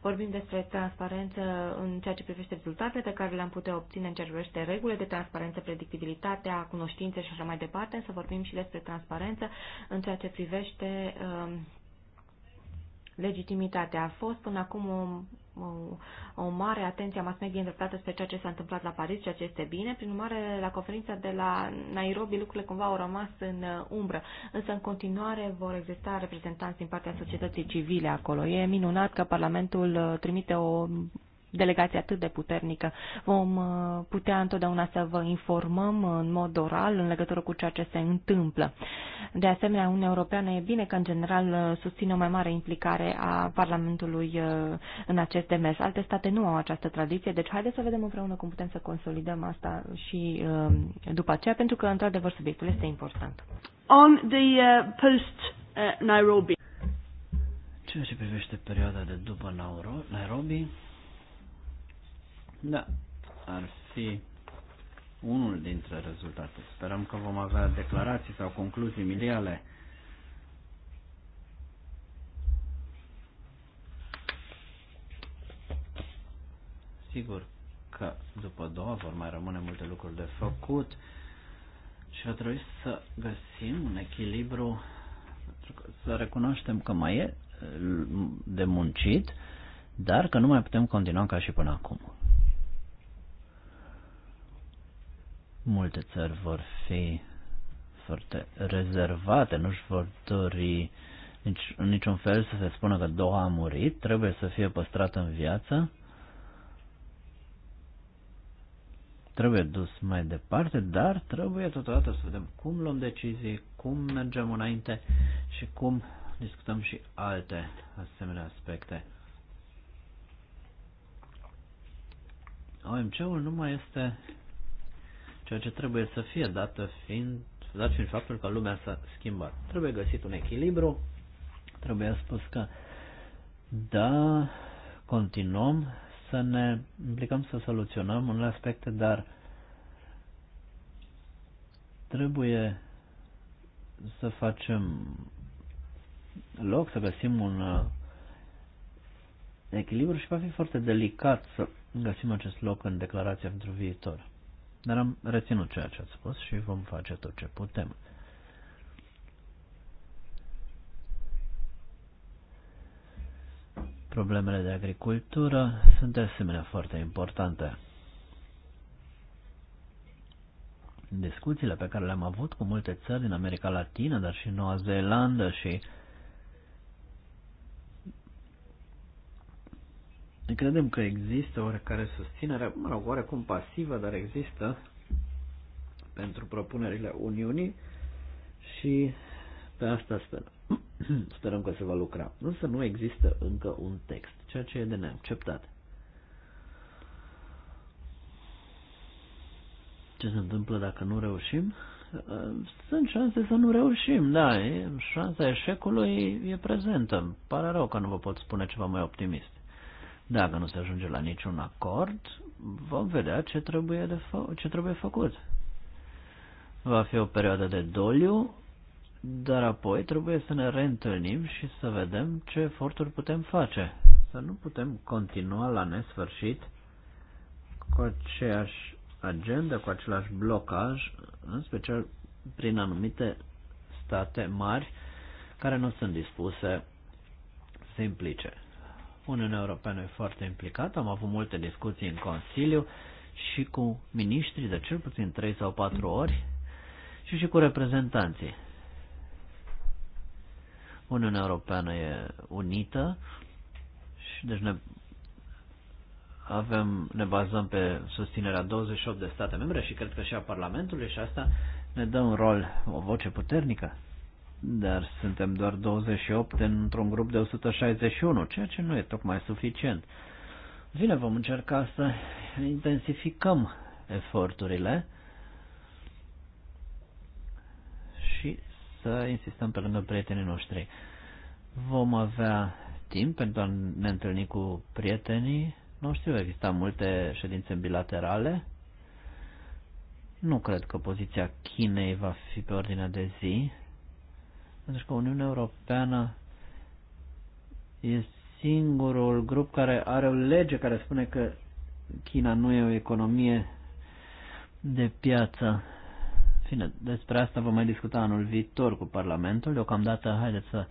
Speaker 2: vorbim despre transparență în ceea ce privește rezultatele pe care le-am putea obține în ceea ce privește regulile de transparență, predictibilitatea, cunoștințe și așa mai departe, să vorbim și despre transparență în ceea ce privește um, legitimitatea. A fost până acum o, o mare atenție a mass media îndreptată spre ceea ce s-a întâmplat la Paris, ceea ce este bine. Prin urmare, la conferința de la Nairobi lucrurile cumva au rămas în uh, umbră, însă în continuare vor exista reprezentanți din partea societății civile acolo. E minunat că Parlamentul uh, trimite o delegație atât de puternică. Vom uh, putea întotdeauna să vă informăm în mod oral în legătură cu ceea ce se întâmplă. De asemenea, Uniunea Europeană e bine că, în general, uh, susține o mai mare implicare a Parlamentului uh, în acest demers. Alte state nu au această tradiție, deci haideți să vedem împreună cum putem să consolidăm asta și după aceea, pentru că, într-adevăr, subiectul este important. On the uh, post uh,
Speaker 3: Nairobi. Ceea ce privește perioada de după Nairobi, da, ar fi unul dintre rezultate. Sperăm că vom avea declarații sau concluzii miliale. Sigur că după două vor mai rămâne multe lucruri de făcut și va trebui să găsim un echilibru, să recunoaștem că mai e eh, de muncit, dar că nu mai putem continua ca și până acum. Multe țări vor fi foarte rezervate, nu își vor dori nici, în niciun fel să se spună că Doha a murit, trebuie să fie păstrată în viață, trebuie dus mai departe, dar trebuie totodată să vedem cum luăm decizii, cum mergem înainte și cum discutăm și alte asemenea aspecte. OMC-ul nu mai este ceea ce trebuie să fie dată fiind, dat fiind faptul că lumea s-a schimbat. Trebuie găsit un echilibru, trebuie spus că da, continuăm să ne implicăm să soluționăm unele aspecte, dar trebuie să facem loc, să găsim un uh, echilibru și va fi foarte delicat să găsim acest loc în declarația pentru viitor. Dar am reținut ceea ce ați spus și vom face tot ce putem. Problemele de agricultură sunt de asemenea foarte importante. Discuțiile pe care le-am avut cu multe țări din America Latină, dar și Noua Zeelandă și Ne credem că există oarecare susținere, mă rog, oarecum pasivă, dar există pentru propunerile Uniunii și pe asta sperăm. sperăm că se va lucra. Însă nu există încă un text, ceea ce e de neacceptat. Ce se întâmplă dacă nu reușim? Ă, sunt șanse să nu reușim, da, șansa eșecului e prezentă. pare rău că nu vă pot spune ceva mai optimist. Dacă nu se ajunge la niciun acord, vom vedea ce trebuie, de fă- ce trebuie făcut. Va fi o perioadă de doliu, dar apoi trebuie să ne reîntâlnim și să vedem ce eforturi putem face. Să nu putem continua la nesfârșit cu aceeași agenda, cu același blocaj, în special prin anumite state mari care nu sunt dispuse să implice. Uniunea Europeană e foarte implicată, am avut multe discuții în Consiliu și cu miniștri de cel puțin 3 sau 4 ori și și cu reprezentanții. Uniunea Europeană e unită și deci ne avem, ne bazăm pe susținerea 28 de state membre și cred că și a Parlamentului și asta ne dă un rol, o voce puternică dar suntem doar 28 într-un grup de 161, ceea ce nu e tocmai suficient. Bine, vom încerca să intensificăm eforturile și să insistăm pe lângă prietenii noștri. Vom avea timp pentru a ne întâlni cu prietenii noștri, va exista multe ședințe bilaterale. Nu cred că poziția Chinei va fi pe ordinea de zi, pentru că Uniunea Europeană e singurul grup care are o lege care spune că China nu e o economie de piață. Fine, despre asta vom mai discuta anul viitor cu Parlamentul. Deocamdată, haideți să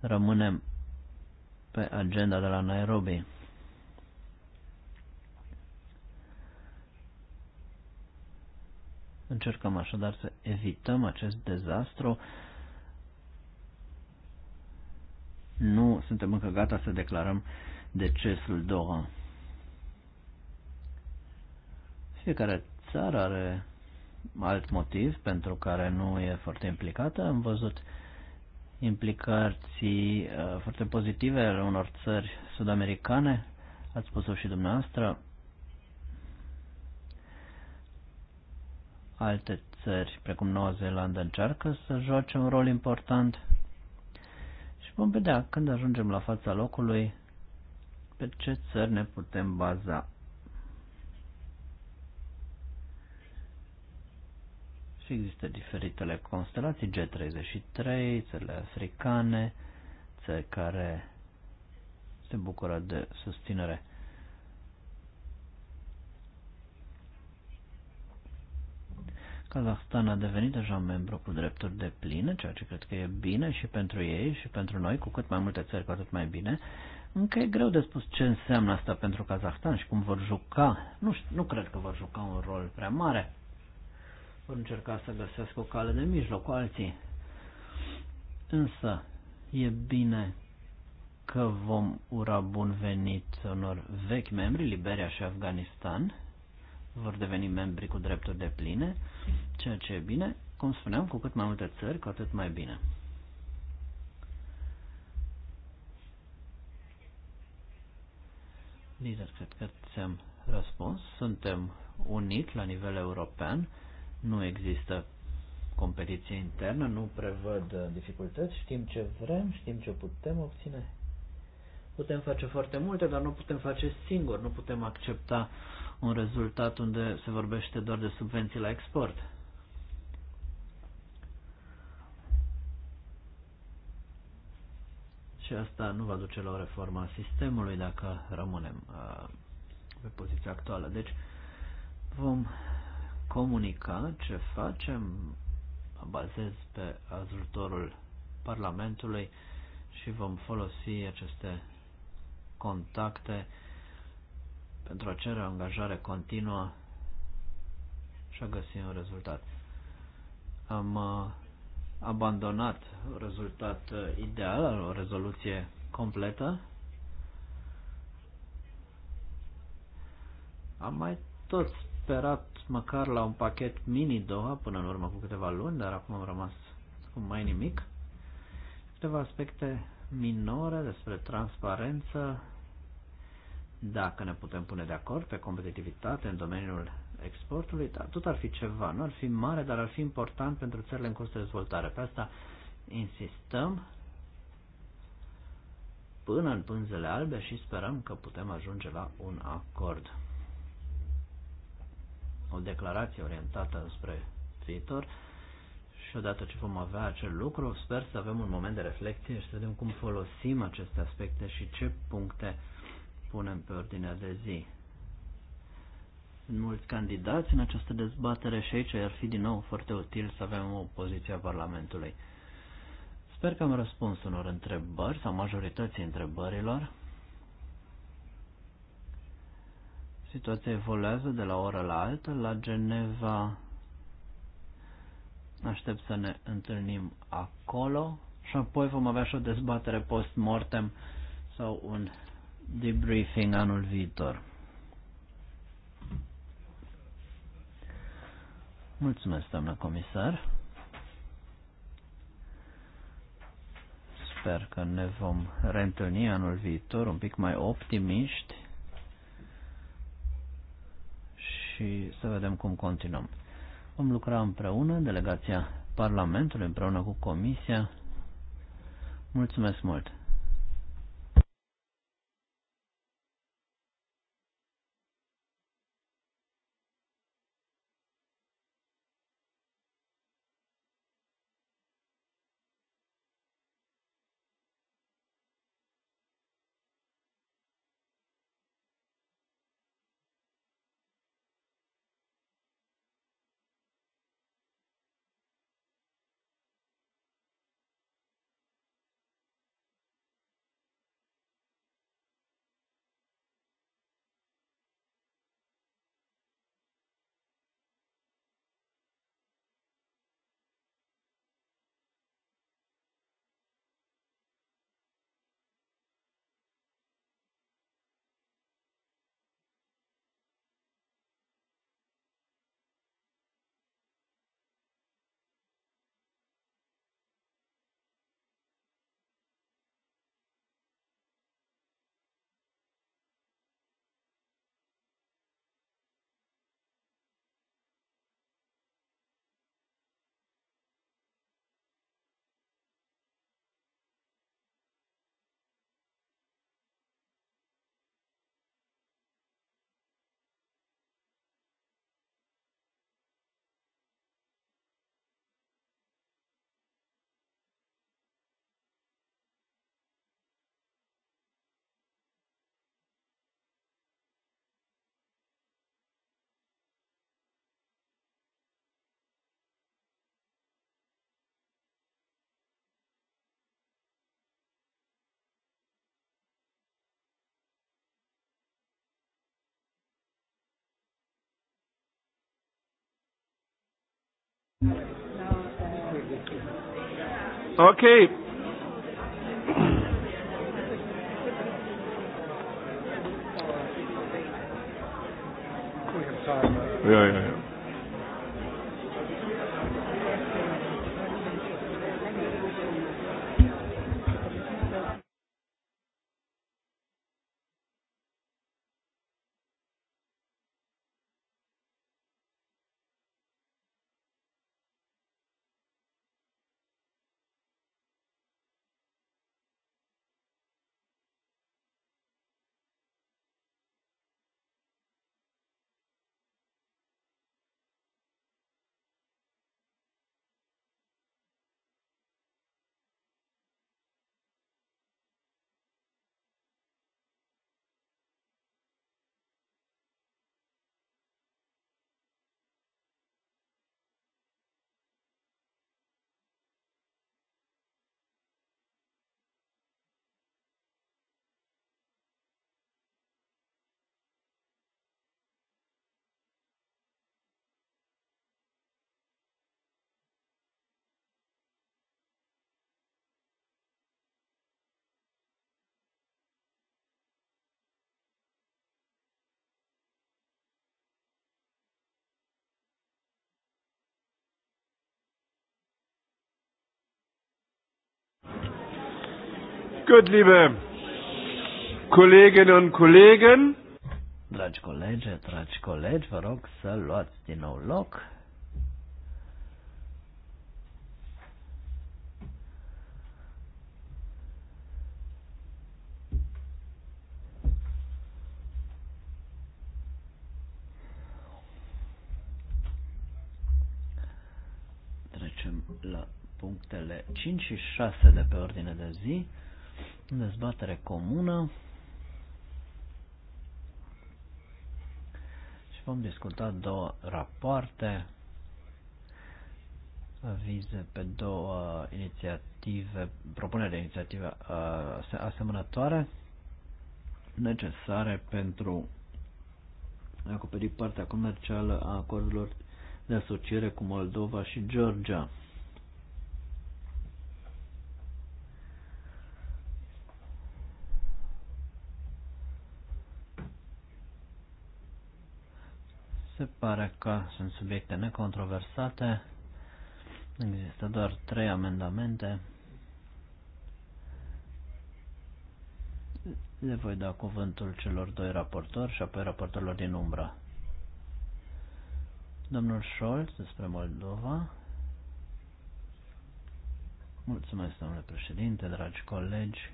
Speaker 3: rămânem pe agenda de la Nairobi. Încercăm așadar să evităm acest dezastru. nu suntem încă gata să declarăm decesul Doha. Fiecare țară are alt motiv pentru care nu e foarte implicată. Am văzut implicații uh, foarte pozitive ale unor țări sud-americane, ați spus-o și dumneavoastră. Alte țări, precum Noua Zeelandă, încearcă să joace un rol important Vom vedea când ajungem la fața locului pe ce țări ne putem baza. Și există diferitele constelații, G33, țările africane, țări care se bucură de susținere Kazahstan a devenit deja membru cu drepturi de plină, ceea ce cred că e bine și pentru ei și pentru noi, cu cât mai multe țări, cu atât mai bine. Încă e greu de spus ce înseamnă asta pentru Kazahstan și cum vor juca. Nu, știu, nu cred că vor juca un rol prea mare. Vor încerca să găsească o cale de mijloc cu alții. Însă, e bine că vom ura bun venit unor vechi membri, Liberia și Afganistan, vor deveni membri cu drepturi de pline Ceea ce e bine, cum spuneam, cu cât mai multe țări, cu atât mai bine. Lider, cred că ți-am răspuns. Suntem uniți la nivel european. Nu există competiție internă, nu prevăd uh, dificultăți. Știm ce vrem, știm ce putem obține. Putem face foarte multe, dar nu putem face singur Nu putem accepta uh, un rezultat unde se vorbește doar de subvenții la export. Și asta nu va duce la o reformă a sistemului dacă rămânem uh, pe poziția actuală. Deci vom comunica ce facem, bazez pe ajutorul Parlamentului și vom folosi aceste contacte pentru a cere o angajare continuă și a găsi un rezultat. Am uh, abandonat un rezultat uh, ideal, o rezoluție completă. Am mai tot sperat măcar la un pachet mini-doha până în urmă cu câteva luni, dar acum am rămas cu mai nimic. Câteva aspecte minore despre transparență, dacă ne putem pune de acord pe competitivitate în domeniul exportului, tot ar fi ceva. Nu ar fi mare, dar ar fi important pentru țările în curs de dezvoltare. Pe asta insistăm până în pânzele albe și sperăm că putem ajunge la un acord. O declarație orientată spre viitor și odată ce vom avea acel lucru, sper să avem un moment de reflecție și să vedem cum folosim aceste aspecte și ce puncte punem pe ordinea de zi. Sunt mulți candidați în această dezbatere și aici ar fi din nou foarte util să avem o poziție a Parlamentului. Sper că am răspuns unor întrebări sau majorității întrebărilor. Situația evoluează de la o oră la altă La Geneva aștept să ne întâlnim acolo și apoi vom avea și o dezbatere post-mortem sau un debriefing anul viitor. Mulțumesc, doamna comisar. Sper că ne vom reîntâlni anul viitor un pic mai optimiști și să vedem cum continuăm. Vom lucra împreună, delegația Parlamentului împreună cu Comisia. Mulțumesc mult!
Speaker 2: Okay. Yeah, yeah, yeah. Gut, liebe Kolleginnen und Kollegen.
Speaker 3: Dragi colegi, dragi colegi, vă rog să luați din nou loc. Trecem la punctele 5 și 6 de pe ordine de zi dezbatere comună și vom discuta două rapoarte, avize pe două inițiative, propuneri de inițiative uh, asemănătoare necesare pentru a acoperi partea comercială a acordurilor de asociere cu Moldova și Georgia. Se pare că sunt subiecte necontroversate. Există doar trei amendamente. Le voi da cuvântul celor doi raportori și apoi raportorilor din umbra. Domnul Scholz despre Moldova. Mulțumesc, domnule președinte, dragi colegi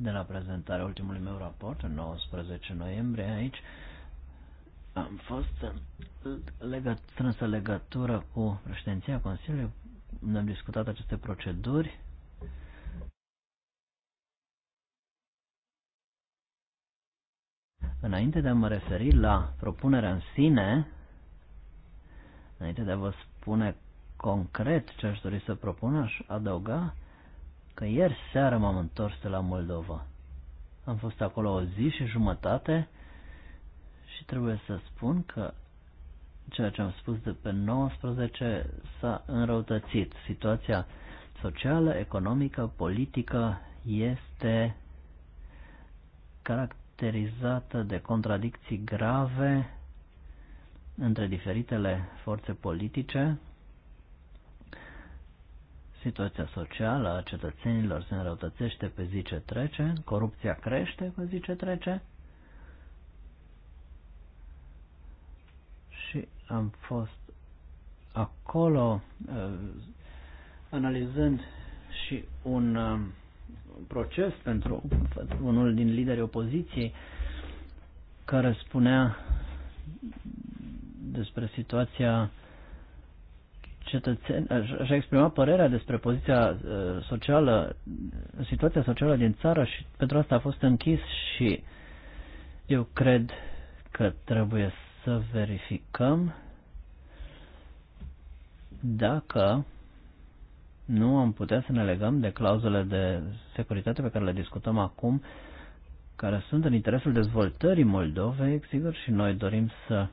Speaker 3: de la prezentarea ultimului meu raport, în 19 noiembrie aici, am fost legă, strânsă legătură cu președinția Consiliului, ne-am discutat aceste proceduri. Înainte de a mă referi la propunerea în sine, înainte de a vă spune concret ce aș dori să propun, aș adăuga că ieri seară m-am întors de la Moldova. Am fost acolo o zi și jumătate și trebuie să spun că ceea ce am spus de pe 19 s-a înrăutățit. Situația socială, economică, politică este caracterizată de contradicții grave între diferitele forțe politice Situația socială a cetățenilor se înrăutățește pe zi ce trece, corupția crește pe zi ce trece și am fost acolo uh, analizând și un uh, proces pentru unul din liderii opoziției care spunea despre situația cetățeni și-a exprimat părerea despre poziția uh, socială, situația socială din țară și pentru asta a fost închis și eu cred că trebuie să verificăm dacă nu am putea să ne legăm de clauzele de securitate pe care le discutăm acum, care sunt în interesul dezvoltării Moldovei, sigur, și noi dorim să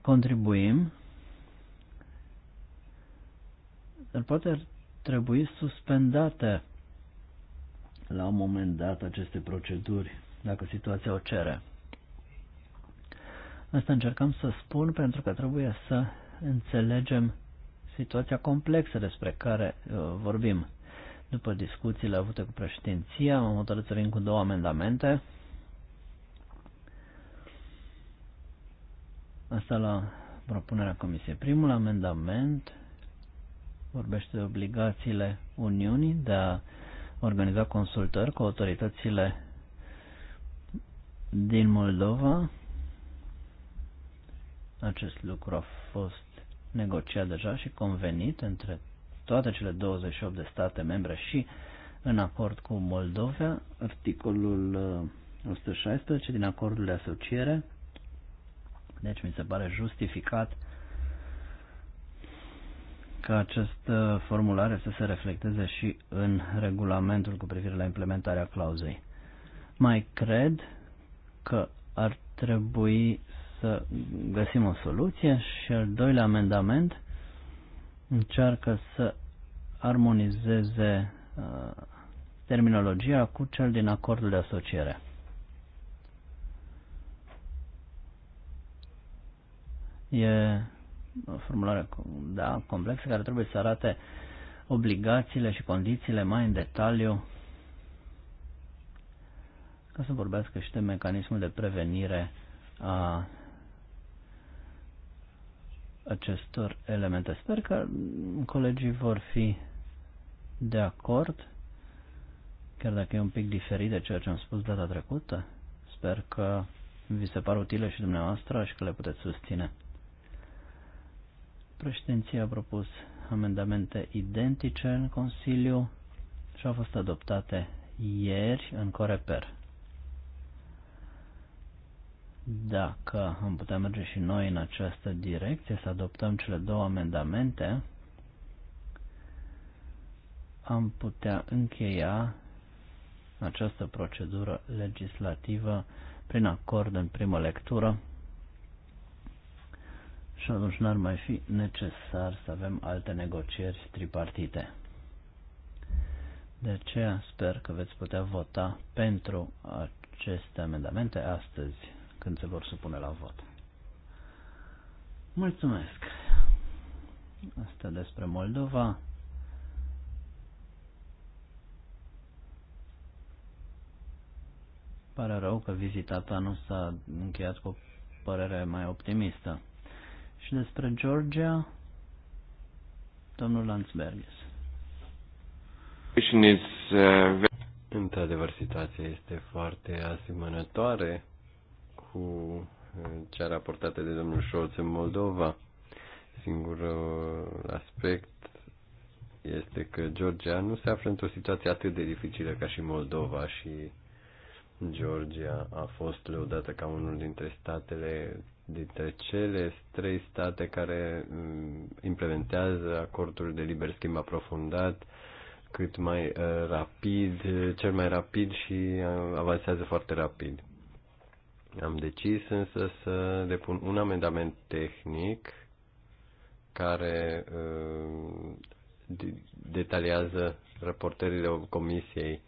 Speaker 3: contribuim dar poate ar trebui suspendate la un moment dat aceste proceduri, dacă situația o cere. Asta încercăm să spun pentru că trebuie să înțelegem situația complexă despre care uh, vorbim. După discuțiile avute cu președinția, am hotărât să vin cu două amendamente. Asta la propunerea comisiei. Primul amendament vorbește de obligațiile Uniunii de a organiza consultări cu autoritățile din Moldova. Acest lucru a fost negociat deja și convenit între toate cele 28 de state membre și în acord cu Moldova, articolul 116 uh, din acordul de asociere. Deci mi se pare justificat ca această uh, formulare să se reflecteze și în regulamentul cu privire la implementarea clauzei. Mai cred că ar trebui să găsim o soluție și al doilea amendament încearcă să armonizeze uh, terminologia cu cel din acordul de asociere. E o formulare da, complexă care trebuie să arate obligațiile și condițiile mai în detaliu ca să vorbească și de mecanismul de prevenire a acestor elemente. Sper că colegii vor fi de acord, chiar dacă e un pic diferit de ceea ce am spus data trecută. Sper că vi se par utile și dumneavoastră și că le puteți susține. Președinția a propus amendamente identice în Consiliu și au fost adoptate ieri în Coreper. Dacă am putea merge și noi în această direcție, să adoptăm cele două amendamente, am putea încheia această procedură legislativă prin acord în primă lectură și atunci n-ar mai fi necesar să avem alte negocieri tripartite. De aceea sper că veți putea vota pentru aceste amendamente astăzi când se vor supune la vot. Mulțumesc! Asta despre Moldova. Pare rău că vizita ta nu s-a încheiat cu o părere mai optimistă și despre Georgia, domnul Landsbergis.
Speaker 1: Uh, Într-adevăr, situația este foarte asemănătoare cu uh, cea raportată de domnul Scholz în Moldova. Singurul aspect este că Georgia nu se află într-o situație atât de dificilă ca și Moldova și Georgia a fost lăudată ca unul dintre statele dintre cele trei state care mm, implementează acordul de liber schimb aprofundat cât mai uh, rapid, cel mai rapid și uh, avansează foarte rapid. Am decis însă să depun un amendament tehnic care uh, detaliază raportările comisiei,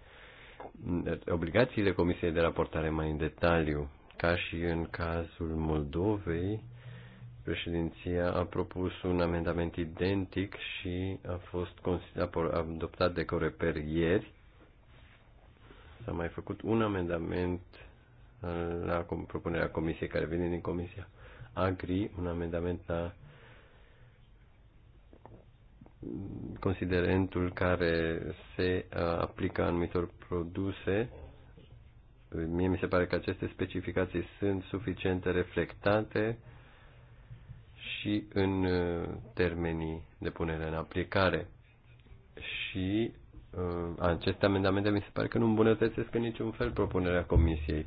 Speaker 1: obligațiile comisiei de raportare mai în detaliu ca și în cazul Moldovei, președinția a propus un amendament identic și a fost adoptat de Coreper ieri. S-a mai făcut un amendament la propunerea comisiei care vine din comisia Agri, un amendament la considerentul care se aplică anumitor produse Mie mi se pare că aceste specificații sunt suficiente reflectate și în uh, termenii de punere în aplicare. Și uh, aceste amendamente mi se pare că nu îmbunătățesc în niciun fel propunerea Comisiei.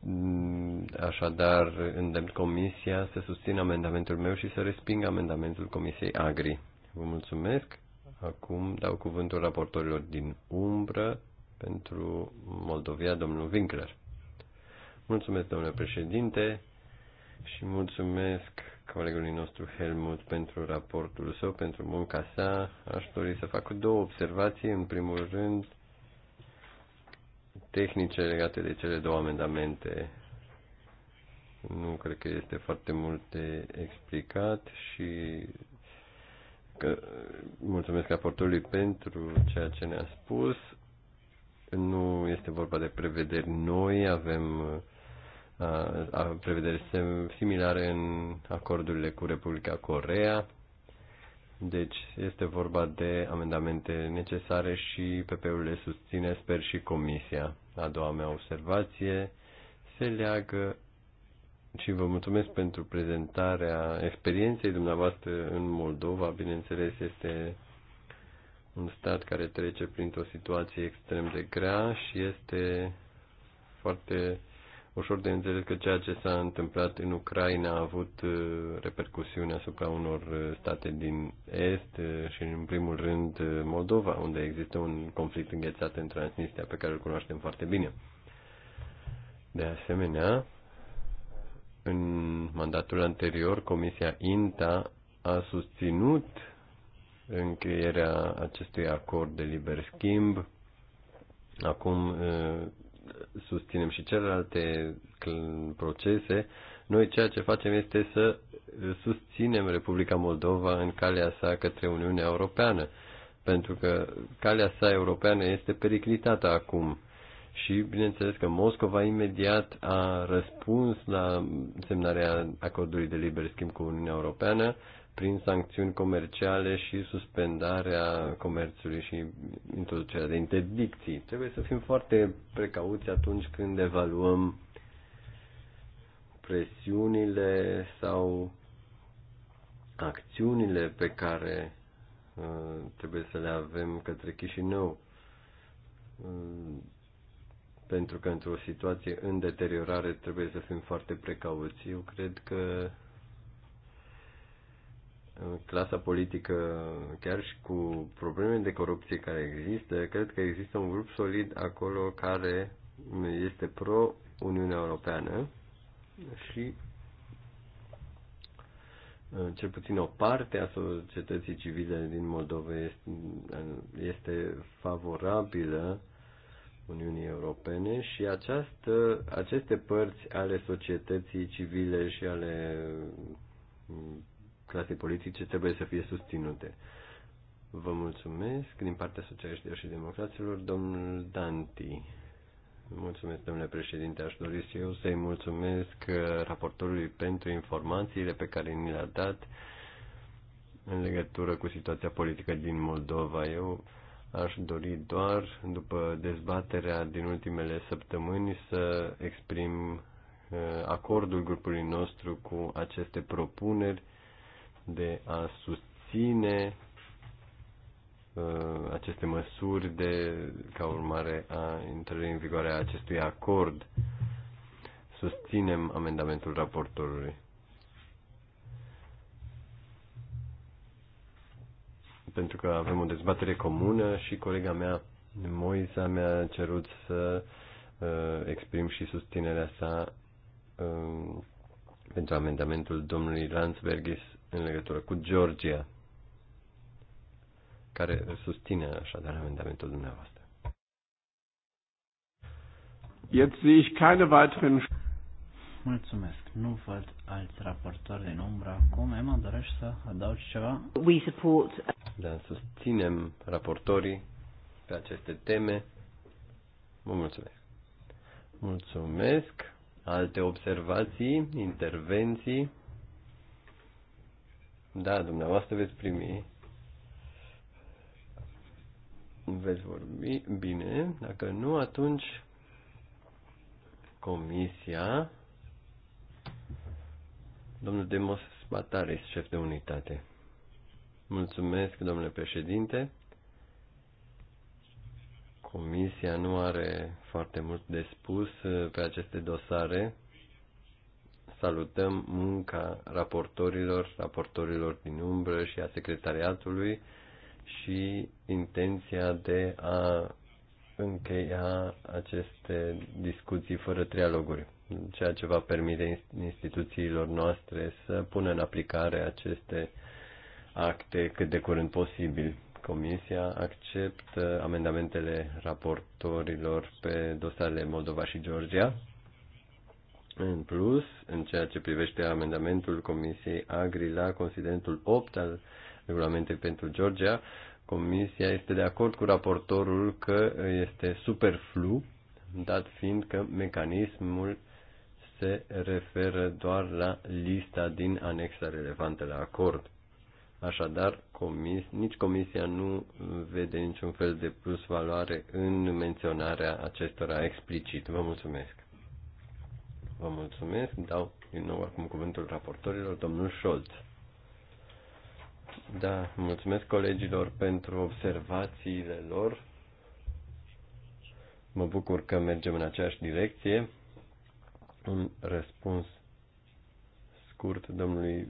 Speaker 1: Mm, așadar, îndemn Comisia să susțină amendamentul meu și să resping amendamentul Comisiei Agri. Vă mulțumesc. Acum dau cuvântul raportorilor din umbră pentru Moldovia, domnul Winkler. Mulțumesc, domnule președinte, și mulțumesc colegului nostru Helmut pentru raportul său, pentru munca sa. Aș dori să fac două observații. În primul rând, tehnice legate de cele două amendamente. Nu cred că este foarte mult de explicat și că mulțumesc raportului pentru ceea ce ne-a spus nu este vorba de prevederi noi, avem a, uh, a, prevederi similare în acordurile cu Republica Corea. Deci este vorba de amendamente necesare și PP-ul le susține, sper și Comisia. A doua mea observație se leagă și vă mulțumesc pentru prezentarea experienței dumneavoastră în Moldova. Bineînțeles, este un stat care trece printr-o situație extrem de grea și este foarte ușor de înțeles că ceea ce s-a întâmplat în Ucraina a avut uh, repercusiuni asupra unor uh, state din Est uh, și, în primul rând, Moldova, unde există un conflict înghețat în Transnistria pe care îl cunoaștem foarte bine. De asemenea, în mandatul anterior, Comisia INTA a susținut încheierea acestui acord de liber schimb. Acum susținem și celelalte procese. Noi ceea ce facem este să susținem Republica Moldova în calea sa către Uniunea Europeană, pentru că calea sa europeană este periclitată acum. Și bineînțeles că Moscova imediat a răspuns la semnarea acordului de liber schimb cu Uniunea Europeană prin sancțiuni comerciale și suspendarea comerțului și introducerea de interdicții. Trebuie să fim foarte precauți atunci când evaluăm presiunile sau acțiunile pe care uh, trebuie să le avem către Chișinău. Uh, pentru că într-o situație în deteriorare trebuie să fim foarte precauți. Eu cred că clasa politică, chiar și cu probleme de corupție care există, cred că există un grup solid acolo care este pro-Uniunea Europeană și uh, cel puțin o parte a societății civile din Moldova este, este favorabilă Uniunii Europene și această, aceste părți ale societății civile și ale mm, clasei politice trebuie să fie susținute. Vă mulțumesc din partea Socialiștilor și Democraților, domnul Danti. Mulțumesc, domnule președinte. Aș dori și eu să-i mulțumesc raportorului pentru informațiile pe care ni le-a dat în legătură cu situația politică din Moldova. Eu aș dori doar, după dezbaterea din ultimele săptămâni, să exprim uh, acordul grupului nostru cu aceste propuneri de a susține uh, aceste măsuri de, ca urmare a intrării în vigoare a acestui acord. Susținem amendamentul raportorului. Pentru că avem o dezbatere comună și colega mea, Moisa, mi-a cerut să uh, exprim și susținerea sa uh, pentru amendamentul domnului Landsbergis în legătură cu Georgia, care susține așadar amendamentul dumneavoastră. Jetzt sehe ich
Speaker 3: keine weiteren... Mulțumesc. Nu văd alți raportori din umbra, cum Emma, dorești să adaugi ceva? We support... Da, susținem
Speaker 1: raportorii pe aceste teme. Vă mulțumesc. Mulțumesc. Alte observații, intervenții? Da, dumneavoastră veți primi. Veți vorbi bine. Dacă nu, atunci comisia. Domnul Demos Bataris, șef de unitate. Mulțumesc, domnule președinte. Comisia nu are foarte mult de spus uh, pe aceste dosare salutăm munca raportorilor, raportorilor din umbră și a secretariatului și intenția de a încheia aceste discuții fără trialoguri, ceea ce va permite instituțiilor noastre să pună în aplicare aceste acte cât de curând posibil. Comisia acceptă amendamentele raportorilor pe dosarele Moldova și Georgia în plus, în ceea ce privește amendamentul Comisiei Agri la considerentul 8 al regulamentului pentru Georgia, Comisia este de acord cu raportorul că este superflu, dat fiind că mecanismul se referă doar la lista din anexa relevantă la acord. Așadar, comis, nici comisia nu vede niciun fel de plus valoare în menționarea acestora explicit. Vă mulțumesc. Vă mulțumesc. Dau din nou acum cuvântul raportorilor, domnul Scholz. Da, mulțumesc colegilor pentru observațiile lor. Mă bucur că mergem în aceeași direcție. Un răspuns scurt domnului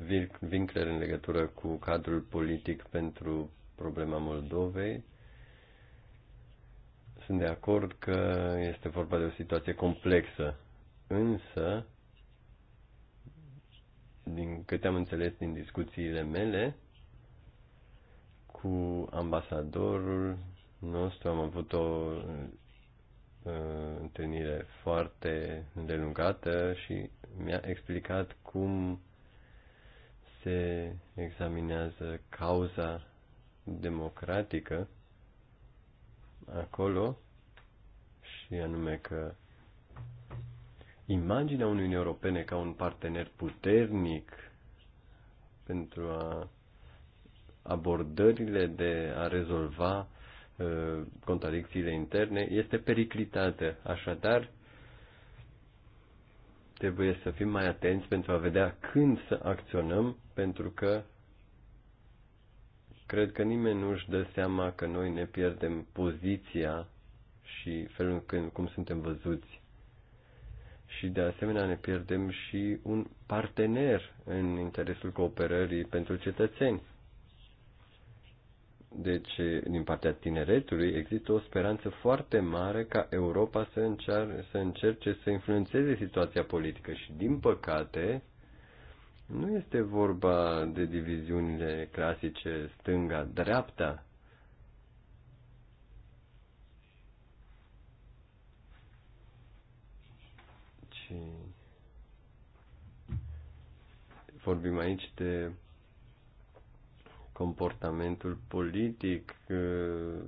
Speaker 1: Winkler în legătură cu cadrul politic pentru problema Moldovei. Sunt de acord că este vorba de o situație complexă Însă, din câte am înțeles din discuțiile mele cu ambasadorul nostru, am avut o uh, întâlnire foarte îndelungată și mi-a explicat cum se examinează cauza democratică acolo și anume că imaginea Uniunii Europene ca un partener puternic pentru a abordările de a rezolva ă, contradicțiile interne este periclitată. Așadar, trebuie să fim mai atenți pentru a vedea când să acționăm, pentru că cred că nimeni nu își dă seama că noi ne pierdem poziția și felul când, cum suntem văzuți și de asemenea ne pierdem și un partener în interesul cooperării pentru cetățeni. Deci, din partea tineretului, există o speranță foarte mare ca Europa să, încear, să încerce să influențeze situația politică și, din păcate, nu este vorba de diviziunile clasice stânga-dreapta, Vorbim aici de comportamentul politic uh,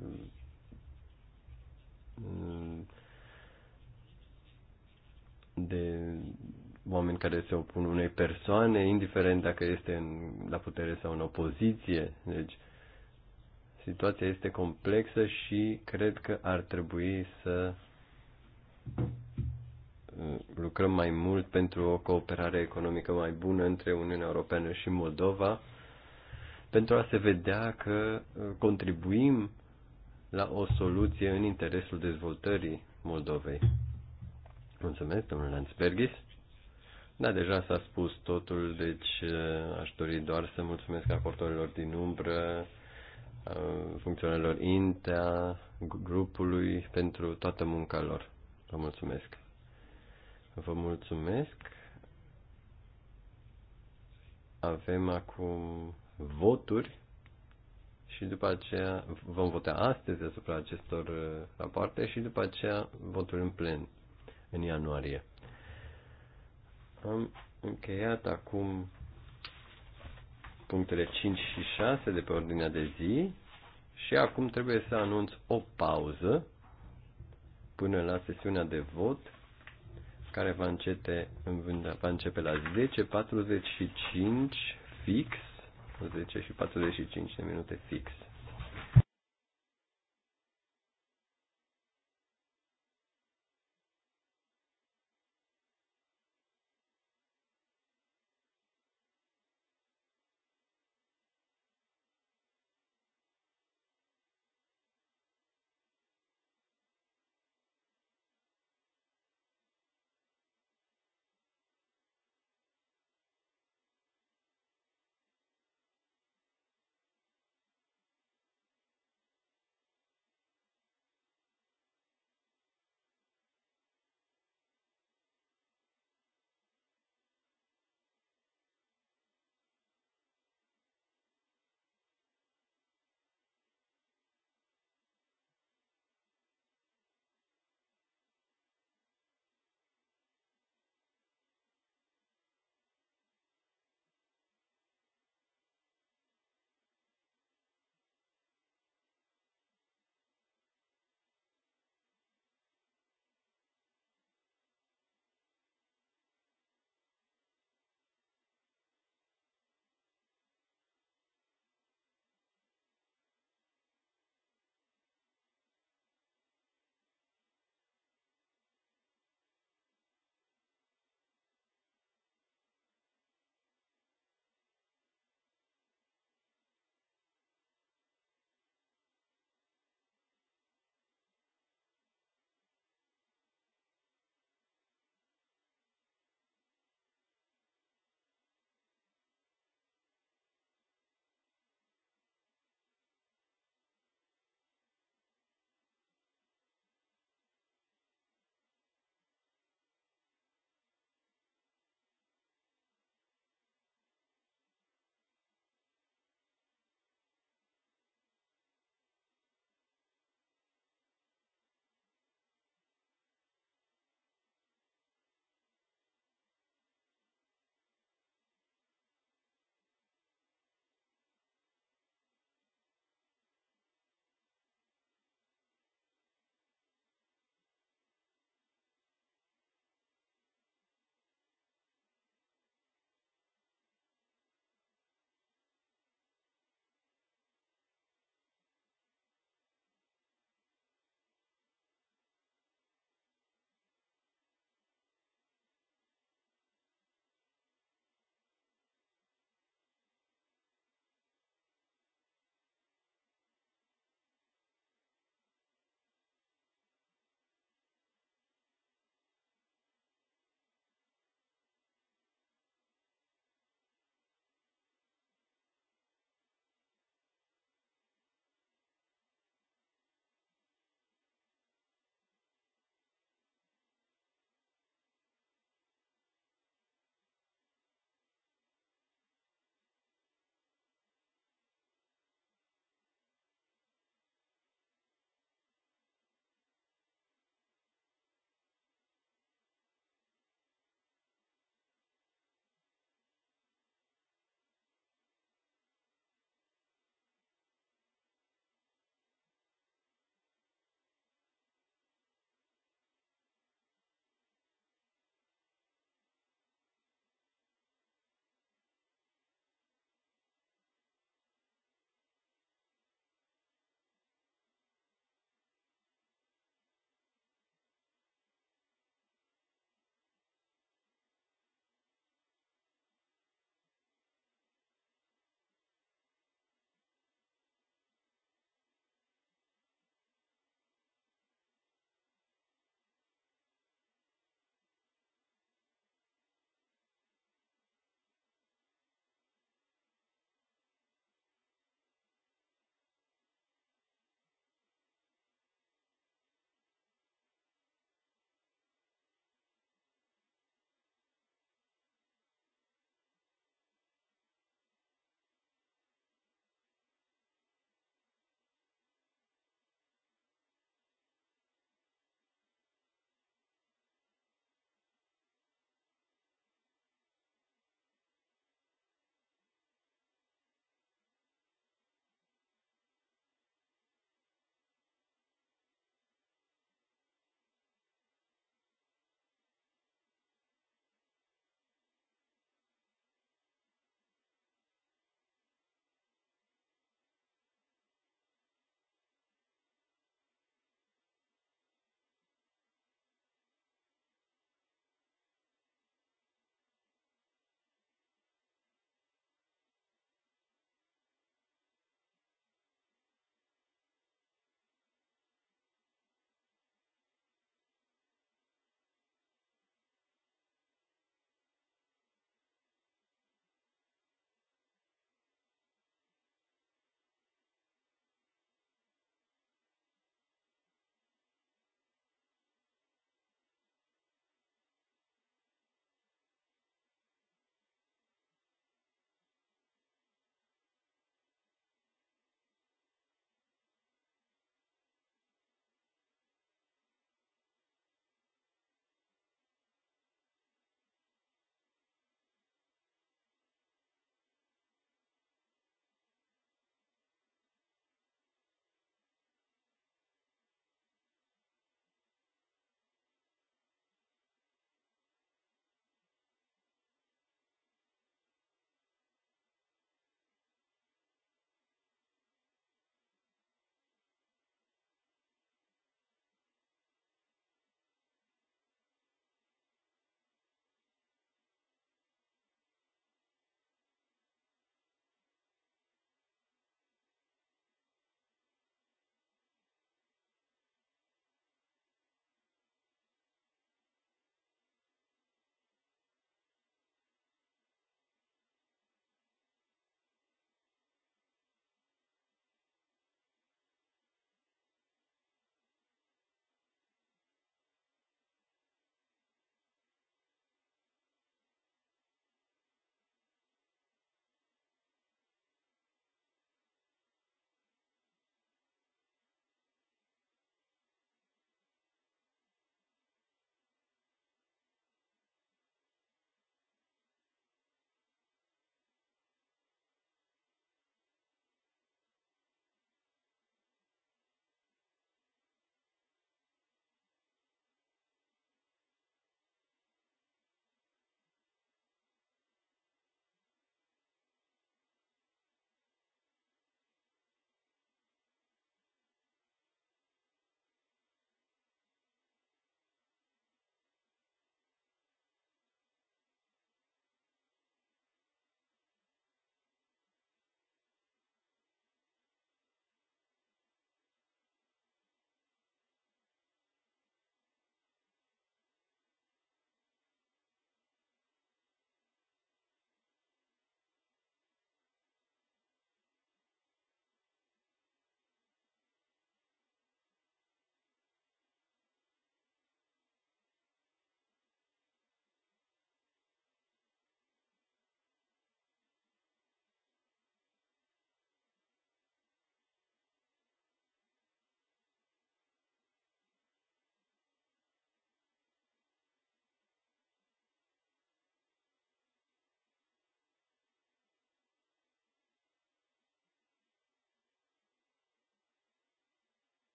Speaker 1: de oameni care se opun unei persoane, indiferent dacă este în, la putere sau în opoziție. Deci, situația este complexă și cred că ar trebui să lucrăm mai mult pentru o cooperare economică mai bună între Uniunea Europeană și Moldova, pentru a se vedea că uh, contribuim la o soluție în interesul dezvoltării Moldovei. Mulțumesc, domnul Lanzbergis. Da, deja s-a spus totul, deci uh, aș dori doar să mulțumesc raportorilor din umbră, uh, funcționarilor INTEA, grupului, pentru toată munca lor. Vă mulțumesc. Vă mulțumesc. Avem acum voturi și după aceea vom vota astăzi asupra acestor uh, rapoarte și după aceea votul în plen în ianuarie. Am încheiat acum punctele 5 și 6 de pe ordinea de zi și acum trebuie să anunț o pauză până la sesiunea de vot care va, încete, va începe la 10.45 fix, 10 și 45 de minute fix.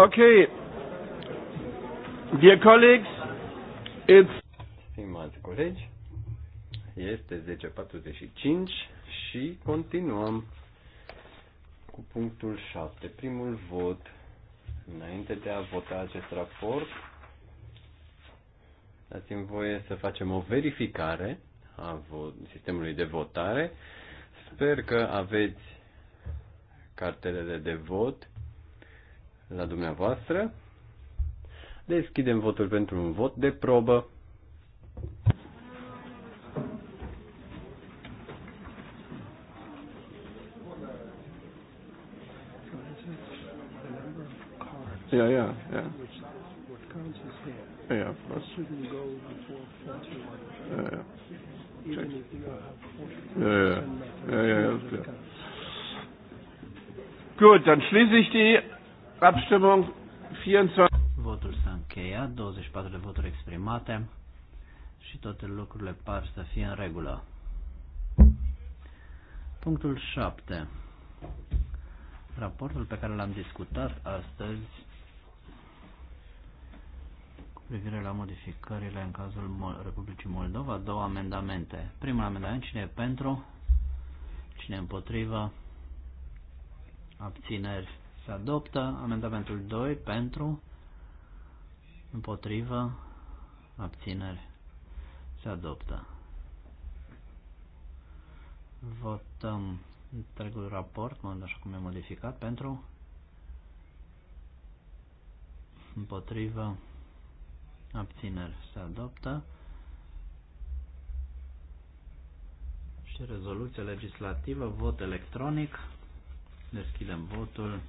Speaker 2: Okay. Dear colleagues, it's...
Speaker 1: Stimați colegi, este 10.45 și continuăm cu punctul 7, primul vot. Înainte de a vota acest raport, dați-mi voie să facem o verificare a sistemului de votare. Sper că aveți cartelele de vot la dumneavoastră. Deschidem votul pentru un vot de probă.
Speaker 3: Yeah, yeah, yeah. Ia, what counts is here. Yeah, of course. shouldn't go before 41. Yeah, yeah. Even if you have Yeah, yeah, yeah. yeah, yeah.
Speaker 2: Gut, dann schließe ich die Abstimmung 24.
Speaker 3: Votul s-a încheiat, 24 de voturi exprimate și toate lucrurile par să fie în regulă. Punctul 7. Raportul pe care l-am discutat astăzi cu privire la modificările în cazul Republicii Moldova, două amendamente. Primul amendament, cine e pentru, cine e împotrivă, abțineri se adoptă. Amendamentul 2 pentru, împotrivă, abțineri, se adoptă. Votăm întregul raport, mă așa cum e modificat, pentru, împotrivă, abțineri, se adoptă. și rezoluție legislativă, vot electronic. Deschidem votul.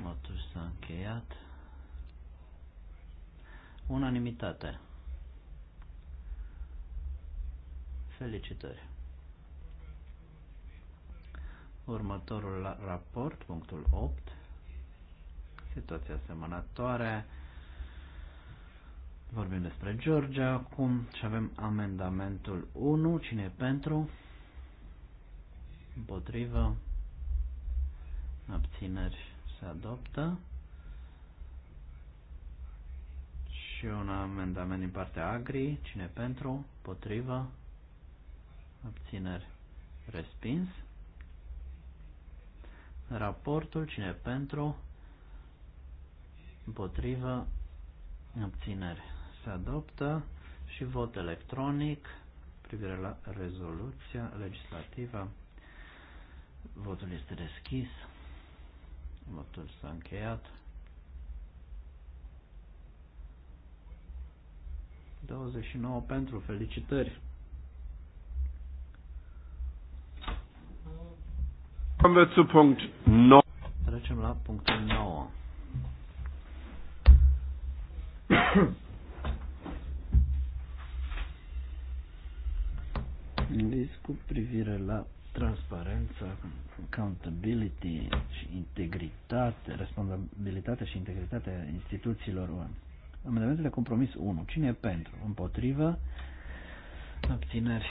Speaker 3: Votul s-a încheiat. Unanimitate. Felicitări. Următorul raport, punctul 8. Situația asemănătoare. Vorbim despre Georgia acum și avem amendamentul 1. Cine e pentru? Împotrivă? Abțineri? se adoptă. Și un amendament din partea Agri, cine pentru, potriva, abțineri, respins. Raportul, cine pentru, împotrivă, abțineri, se adoptă. Și vot electronic, privire la rezoluția legislativă. Votul este deschis. Votul s-a încheiat. 29 pentru, felicitări. Trecem la punctul 9. List privire la transparență, accountability și integritate, responsabilitatea și integritatea instituțiilor Amendamentele compromis 1. Cine e pentru? Împotrivă? Abțineri?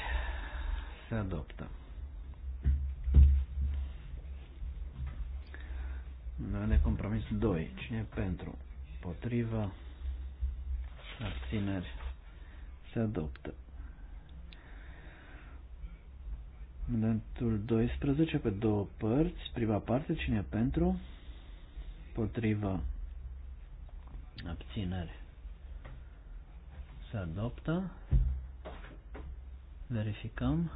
Speaker 3: Se adoptă. Amendamentele compromis 2. Cine e pentru? Împotrivă? Abțineri? Se adoptă. Amendamentul 12 pe două părți. Prima parte, cine e pentru? Potrivă. Abținere. Se adoptă. Verificăm.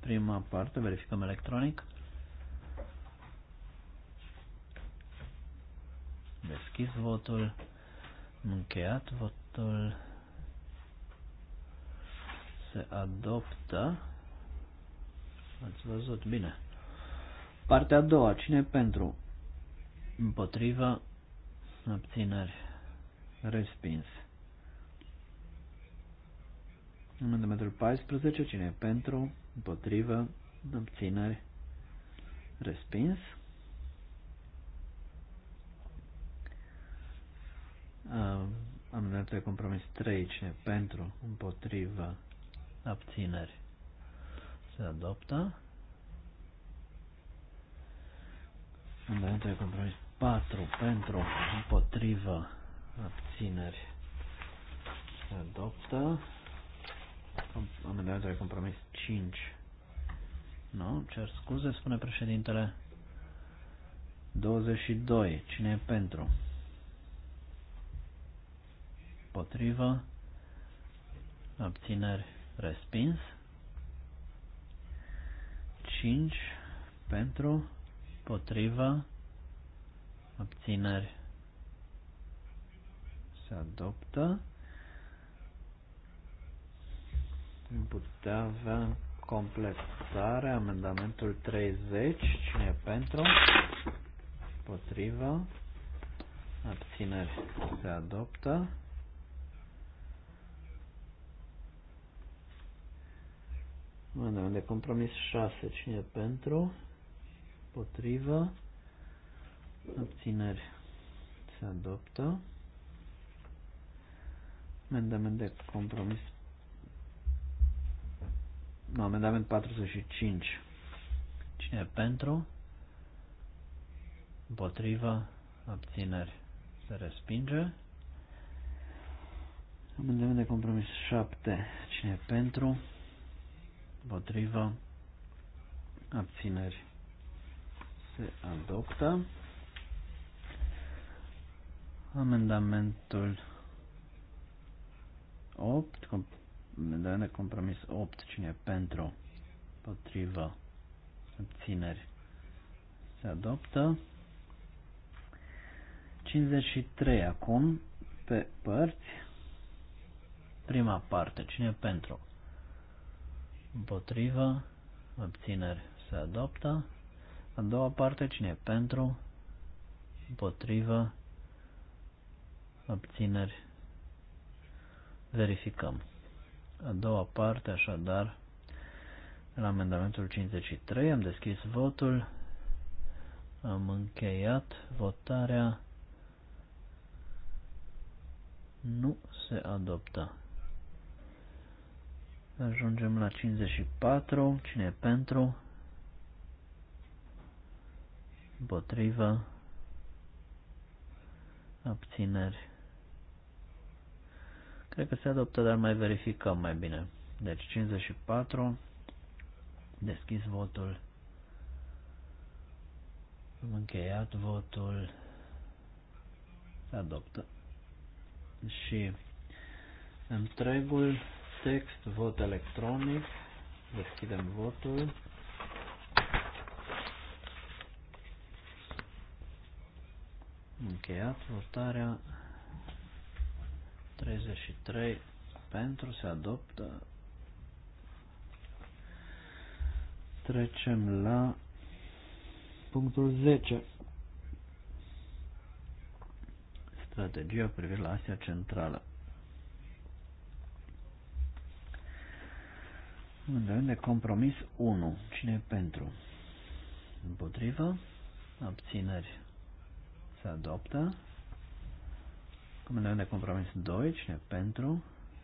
Speaker 3: Prima parte, verificăm electronic. Deschis votul. încheiat votul. Se adoptă. Ați văzut, bine. Partea a doua, cine pentru? Împotriva, abțineri, respins. Amendamentul 14, cine e pentru? Împotrivă, abțineri, respins. Amendamentul de compromis 3, cine e pentru? Împotrivă, abțineri, se adoptă. Amendamentul de compromis 4 pentru, împotrivă, abțineri. Se adoptă. Amendamentul de compromis 5. Nu, cer scuze, spune președintele. 22. Cine e pentru? Potrivă. Abțineri. Respins. 5 pentru, potriva, abțineri se adoptă. Am putea avea în completare amendamentul 30, cine e pentru, potriva, abțineri se adoptă. Amendament de compromis 6. Cine pentru? Potrivă. Abțineri. Se adoptă. Amendament de compromis. Nu, amendament 45. Cine e pentru? Împotrivă. Abțineri. Se respinge. Amendament de compromis 7. Cine e pentru? împotriva, abțineri se adoptă. Amendamentul 8, amendament de compromis 8, cine e pentru, împotriva, abțineri se adoptă. 53 acum, pe părți, prima parte, cine e pentru, împotrivă, abțineri se adoptă. A doua parte, cine e pentru, împotrivă, abțineri, verificăm. A doua parte, așadar, la amendamentul 53 am deschis votul, am încheiat votarea, nu se adoptă. Ajungem la 54. Cine e pentru? Împotrivă. Abțineri. Cred că se adoptă, dar mai verificăm mai bine. Deci 54. Deschis votul. Am încheiat votul. Se adoptă. Și întregul text, vot electronic. Deschidem votul. Încheiat votarea. 33 pentru se adoptă. Trecem la punctul 10. Strategia privind la Asia Centrală. Amendament de compromis 1. Cine e pentru? Împotrivă. Abțineri. Se adoptă. Amendament de compromis 2. Cine e pentru?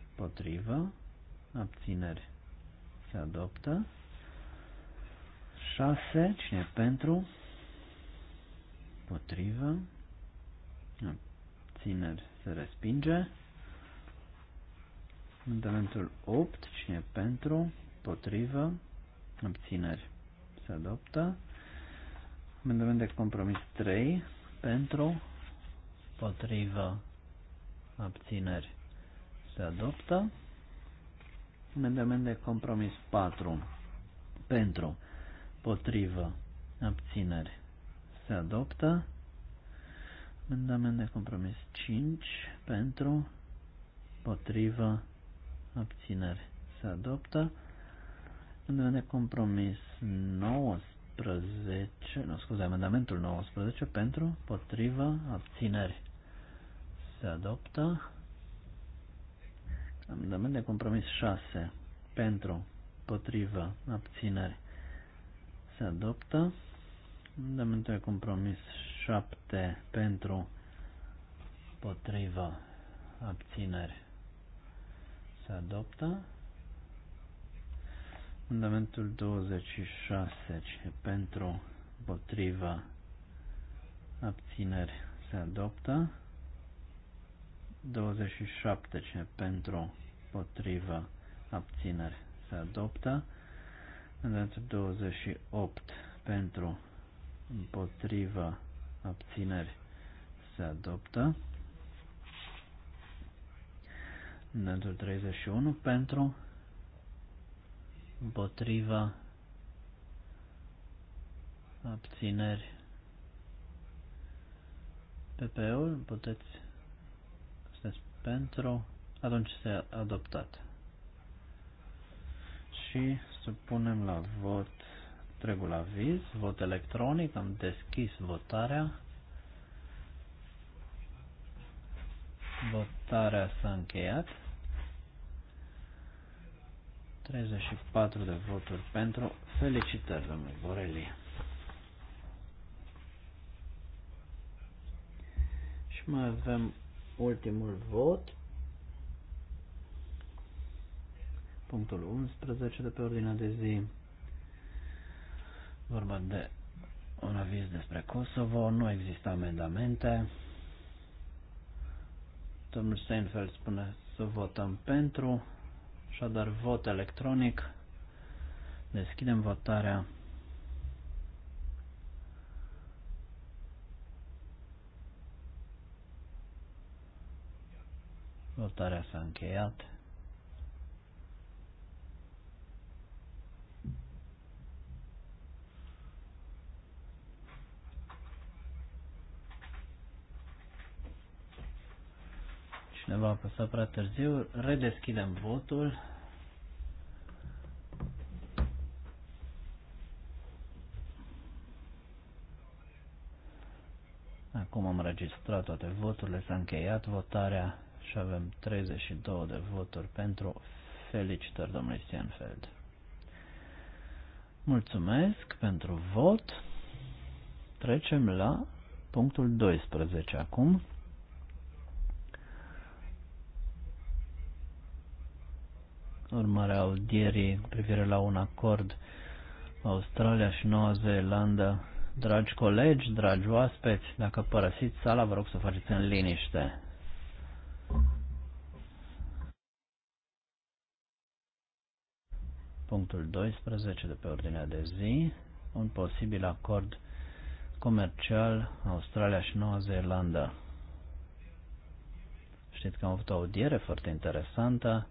Speaker 3: Împotrivă. Abțineri. Se adoptă. 6. Cine e pentru? Împotrivă. Abțineri. Se respinge. Amendamentul 8, cine pentru, Potrivă. Abțineri. Se adoptă. Amendament de compromis 3. Pentru. Potrivă. Abțineri. Se adoptă. Amendament de compromis 4. Pentru. Potrivă. Abțineri. Se adoptă. Amendament de compromis 5. Pentru. Potrivă. Abțineri. Se adoptă. Amendament de compromis 19, nu scuze, amendamentul 19 pentru, potriva, abțineri. Se adoptă. Amendament de compromis 6 pentru, potriva, abțineri. Se adoptă. Amendamentul de compromis 7 pentru, potriva, abțineri. Se adoptă fundamentul 26 pentru potriva abțineri se adoptă. 27 ce pentru potriva abțineri se adoptă. Fundamentul 28 pentru împotriva abțineri se adoptă. Fundamentul 31 pentru împotriva, abțineri. PP-ul puteți să pentru, atunci este adoptat. Și supunem la vot întregul aviz, vot electronic, am deschis votarea. Votarea s-a încheiat. 34 de voturi pentru. Felicitări, domnule Borelli. Și mai avem ultimul vot. Punctul 11 de pe ordinea de zi. Vorba de un aviz despre Kosovo. Nu există amendamente. Domnul Steinfeld spune să votăm pentru. Așadar, vot electronic. Deschidem votarea. Votarea s-a încheiat. Ne va apăsa prea târziu, redeschidem votul. Acum am registrat toate voturile, s-a încheiat votarea și avem 32 de voturi pentru felicitări domnului Sienfeld. Mulțumesc pentru vot. Trecem la punctul 12 acum. urmare a audierii cu privire la un acord Australia și Noua Zeelandă. Dragi colegi, dragi oaspeți, dacă părăsiți sala, vă rog să faceți în liniște. Punctul 12 de pe ordinea de zi, un posibil acord comercial Australia și Noua Zeelandă. Știți că am avut o audiere foarte interesantă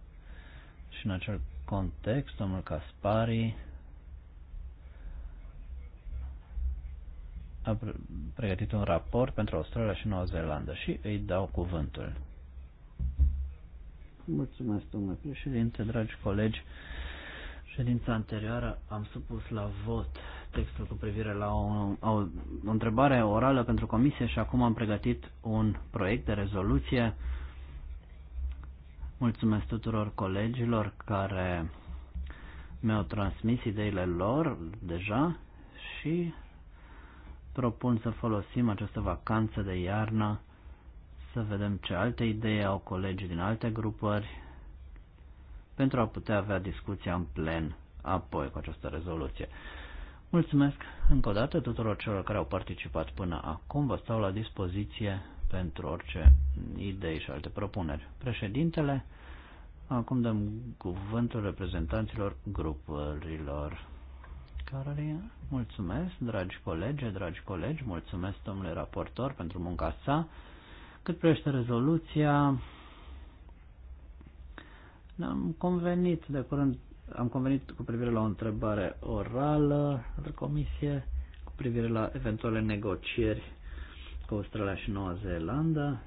Speaker 3: și în acel context, domnul Caspari a pregătit un raport pentru Australia și Noua Zeelandă și îi dau cuvântul. Mulțumesc, domnule președinte, dragi colegi. Ședința anterioară am supus la vot textul cu privire la o, o, o întrebare orală pentru comisie și acum am pregătit un proiect de rezoluție Mulțumesc tuturor colegilor care mi-au transmis ideile lor deja și propun să folosim această vacanță de iarnă să vedem ce alte idei au colegii din alte grupări pentru a putea avea discuția în plen apoi cu această rezoluție. Mulțumesc încă o dată tuturor celor care au participat până acum. Vă stau la dispoziție pentru orice idei și alte propuneri. Președintele, acum dăm cuvântul reprezentanților grupurilor. Carolina, mulțumesc, dragi colegi, dragi colegi, mulțumesc domnule raportor pentru munca sa. Cât privește rezoluția, am convenit de curând, am convenit cu privire la o întrebare orală de comisie, cu privire la eventuale negocieri cu Australia și Noua Zeelandă.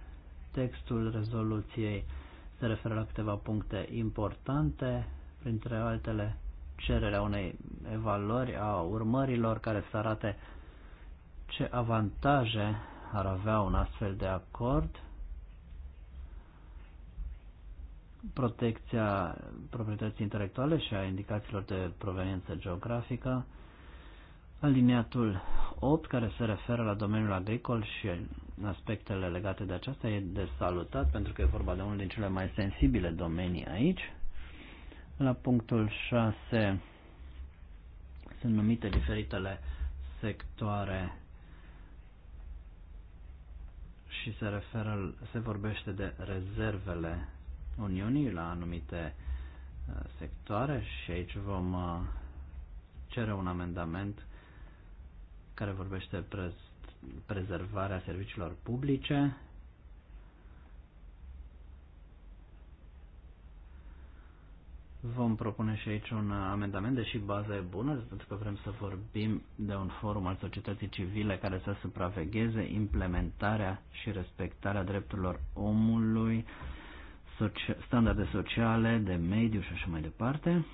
Speaker 3: Textul rezoluției se referă la câteva puncte importante, printre altele cererea unei evaluări a urmărilor care să arate ce avantaje ar avea un astfel de acord, protecția proprietății intelectuale și a indicațiilor de proveniență geografică, Alineatul 8, care se referă la domeniul agricol și aspectele legate de aceasta, e de salutat pentru că e vorba de unul din cele mai sensibile domenii aici. La punctul 6 sunt numite diferitele sectoare și se, referă, se vorbește de rezervele Uniunii la anumite uh, sectoare și aici vom uh, cere un amendament care vorbește prezervarea serviciilor publice. Vom propune și aici un amendament, deși baza e bună, pentru că vrem să vorbim de un forum al societății civile care să supravegheze implementarea și respectarea drepturilor omului, standarde sociale, de mediu și așa mai departe.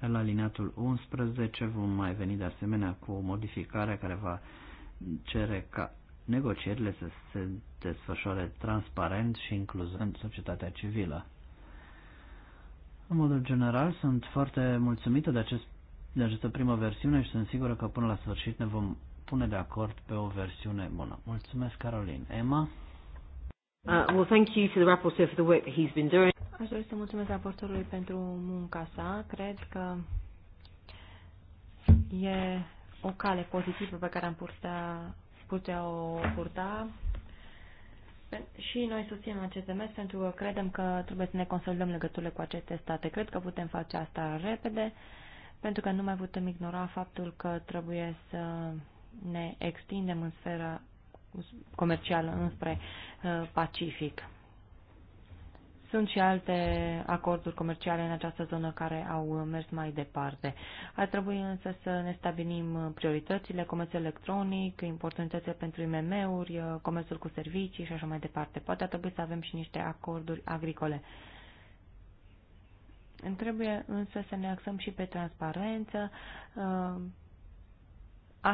Speaker 3: La alineatul 11 vom mai veni de asemenea cu o modificare care va cere ca negocierile să se desfășoare transparent și incluzând societatea civilă. În modul general, sunt foarte mulțumită de, acest, de această primă versiune și sunt sigură că până la sfârșit ne vom pune de acord pe o versiune bună. Mulțumesc, Carolin. Emma?
Speaker 2: Uh, well, thank you to the rapporteur for the work that he's been doing. Aș dori să mulțumesc raportorului pentru munca sa. Cred că e o cale pozitivă pe care am purta, putea o purta și noi susținem acest demers pentru că credem că trebuie să ne consolidăm legăturile cu aceste state. Cred că putem face asta repede, pentru că nu mai putem ignora faptul că trebuie să ne extindem în sfera comercială înspre uh, Pacific. Sunt și alte acorduri comerciale în această zonă care au uh, mers mai departe. Ar trebui însă să ne stabilim uh, prioritățile, comerț electronic, oportunitățile pentru IMM-uri, comerțul cu servicii și așa mai departe. Poate ar trebui să avem și niște acorduri agricole. Trebuie însă să ne axăm și pe transparență,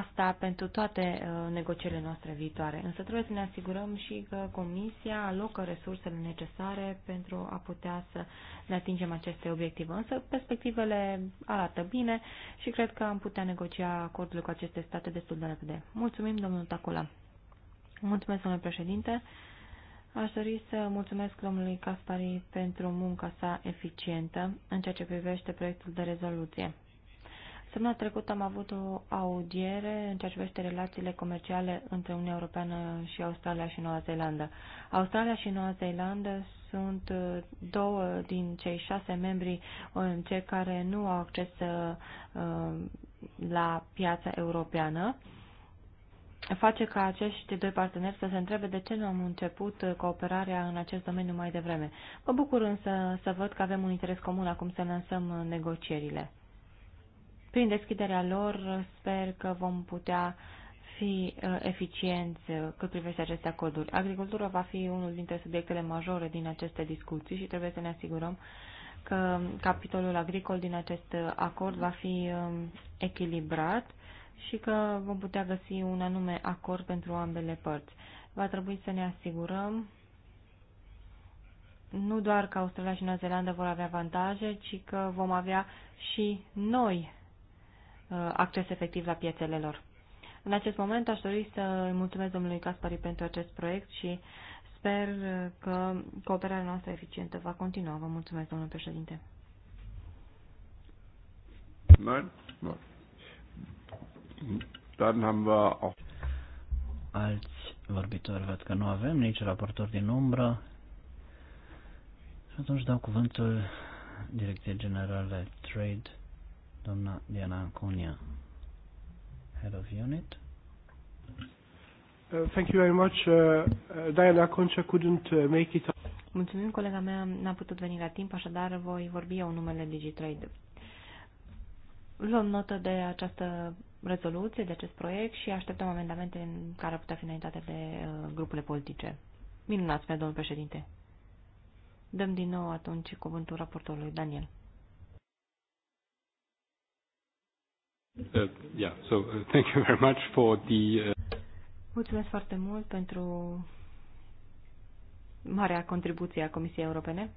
Speaker 2: asta pentru toate uh, negocierile noastre viitoare. Însă trebuie să ne asigurăm și că Comisia alocă resursele necesare pentru a putea să ne atingem aceste obiective. Însă perspectivele arată bine și cred că am putea negocia acordurile cu aceste state destul de repede. Mulțumim, domnul Tacola. Mulțumesc, domnule președinte. Aș dori să mulțumesc domnului Caspari pentru munca sa eficientă în ceea ce privește proiectul de rezoluție. Săptămâna trecută am avut o audiere în ceea ce privește relațiile comerciale între Uniunea Europeană și Australia și Noua Zeelandă. Australia și Noua Zeelandă sunt uh, două din cei șase membri în care nu au acces uh, la piața europeană face ca acești doi parteneri să se întrebe de ce nu am început uh, cooperarea în acest domeniu mai devreme. Mă bucur însă să văd că avem un interes comun acum să lansăm negocierile. Prin deschiderea lor, sper că vom putea fi uh, eficienți uh, cât privește aceste acorduri. Agricultura va fi unul dintre subiectele majore din aceste discuții și trebuie să ne asigurăm că capitolul agricol din acest acord va fi um, echilibrat și că vom putea găsi un anume acord pentru ambele părți. Va trebui să ne asigurăm nu doar că Australia și Noua Zeelandă vor avea avantaje, ci că vom avea și noi Uh, acces efectiv la piețele lor. În acest moment aș dori să îi mulțumesc domnului Caspari pentru acest proiect și sper că cooperarea noastră eficientă va continua. Vă mulțumesc, domnul președinte.
Speaker 3: Nein? Nein. Dann haben wir auch alți vorbitori văd că nu avem, nici raportor din umbră. Și atunci dau cuvântul Direcției Generale Trade, doamna Diana Conia, Head of Unit. Uh, thank you very much. Uh, uh Diana Concia couldn't uh, make it.
Speaker 2: Mulțumim, colega mea n-a putut veni la timp, așadar voi vorbi eu numele DigiTrade. Luăm notă de această rezoluție, de acest proiect și așteptăm amendamente în care ar putea fi înaintate de uh, grupurile politice. Minunat, spune domnul președinte. Dăm din nou atunci cuvântul raportorului Daniel.
Speaker 3: Uh,
Speaker 1: yeah, so uh, thank you very much for the... Uh...
Speaker 2: Mulțumesc foarte mult pentru marea contribuție a Comisiei Europene.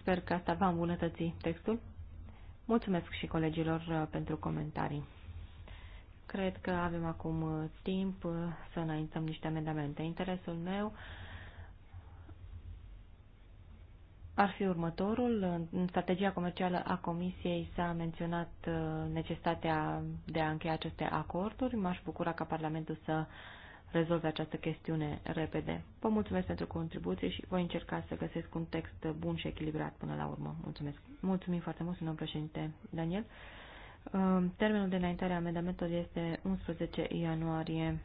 Speaker 2: Sper că asta va îmbunătăți textul. Mulțumesc și colegilor uh, pentru comentarii. Cred că avem acum uh, timp să înaintăm niște amendamente. Interesul meu ar fi următorul. În strategia comercială a Comisiei s-a menționat uh, necesitatea de a încheia aceste acorduri. M-aș bucura ca Parlamentul să rezolve această chestiune repede. Vă mulțumesc pentru contribuție și voi încerca să găsesc un text bun și echilibrat până la urmă. Mulțumesc. Mulțumim foarte mult, domnul președinte Daniel. Uh, termenul de înaintare a amendamentului este 11 ianuarie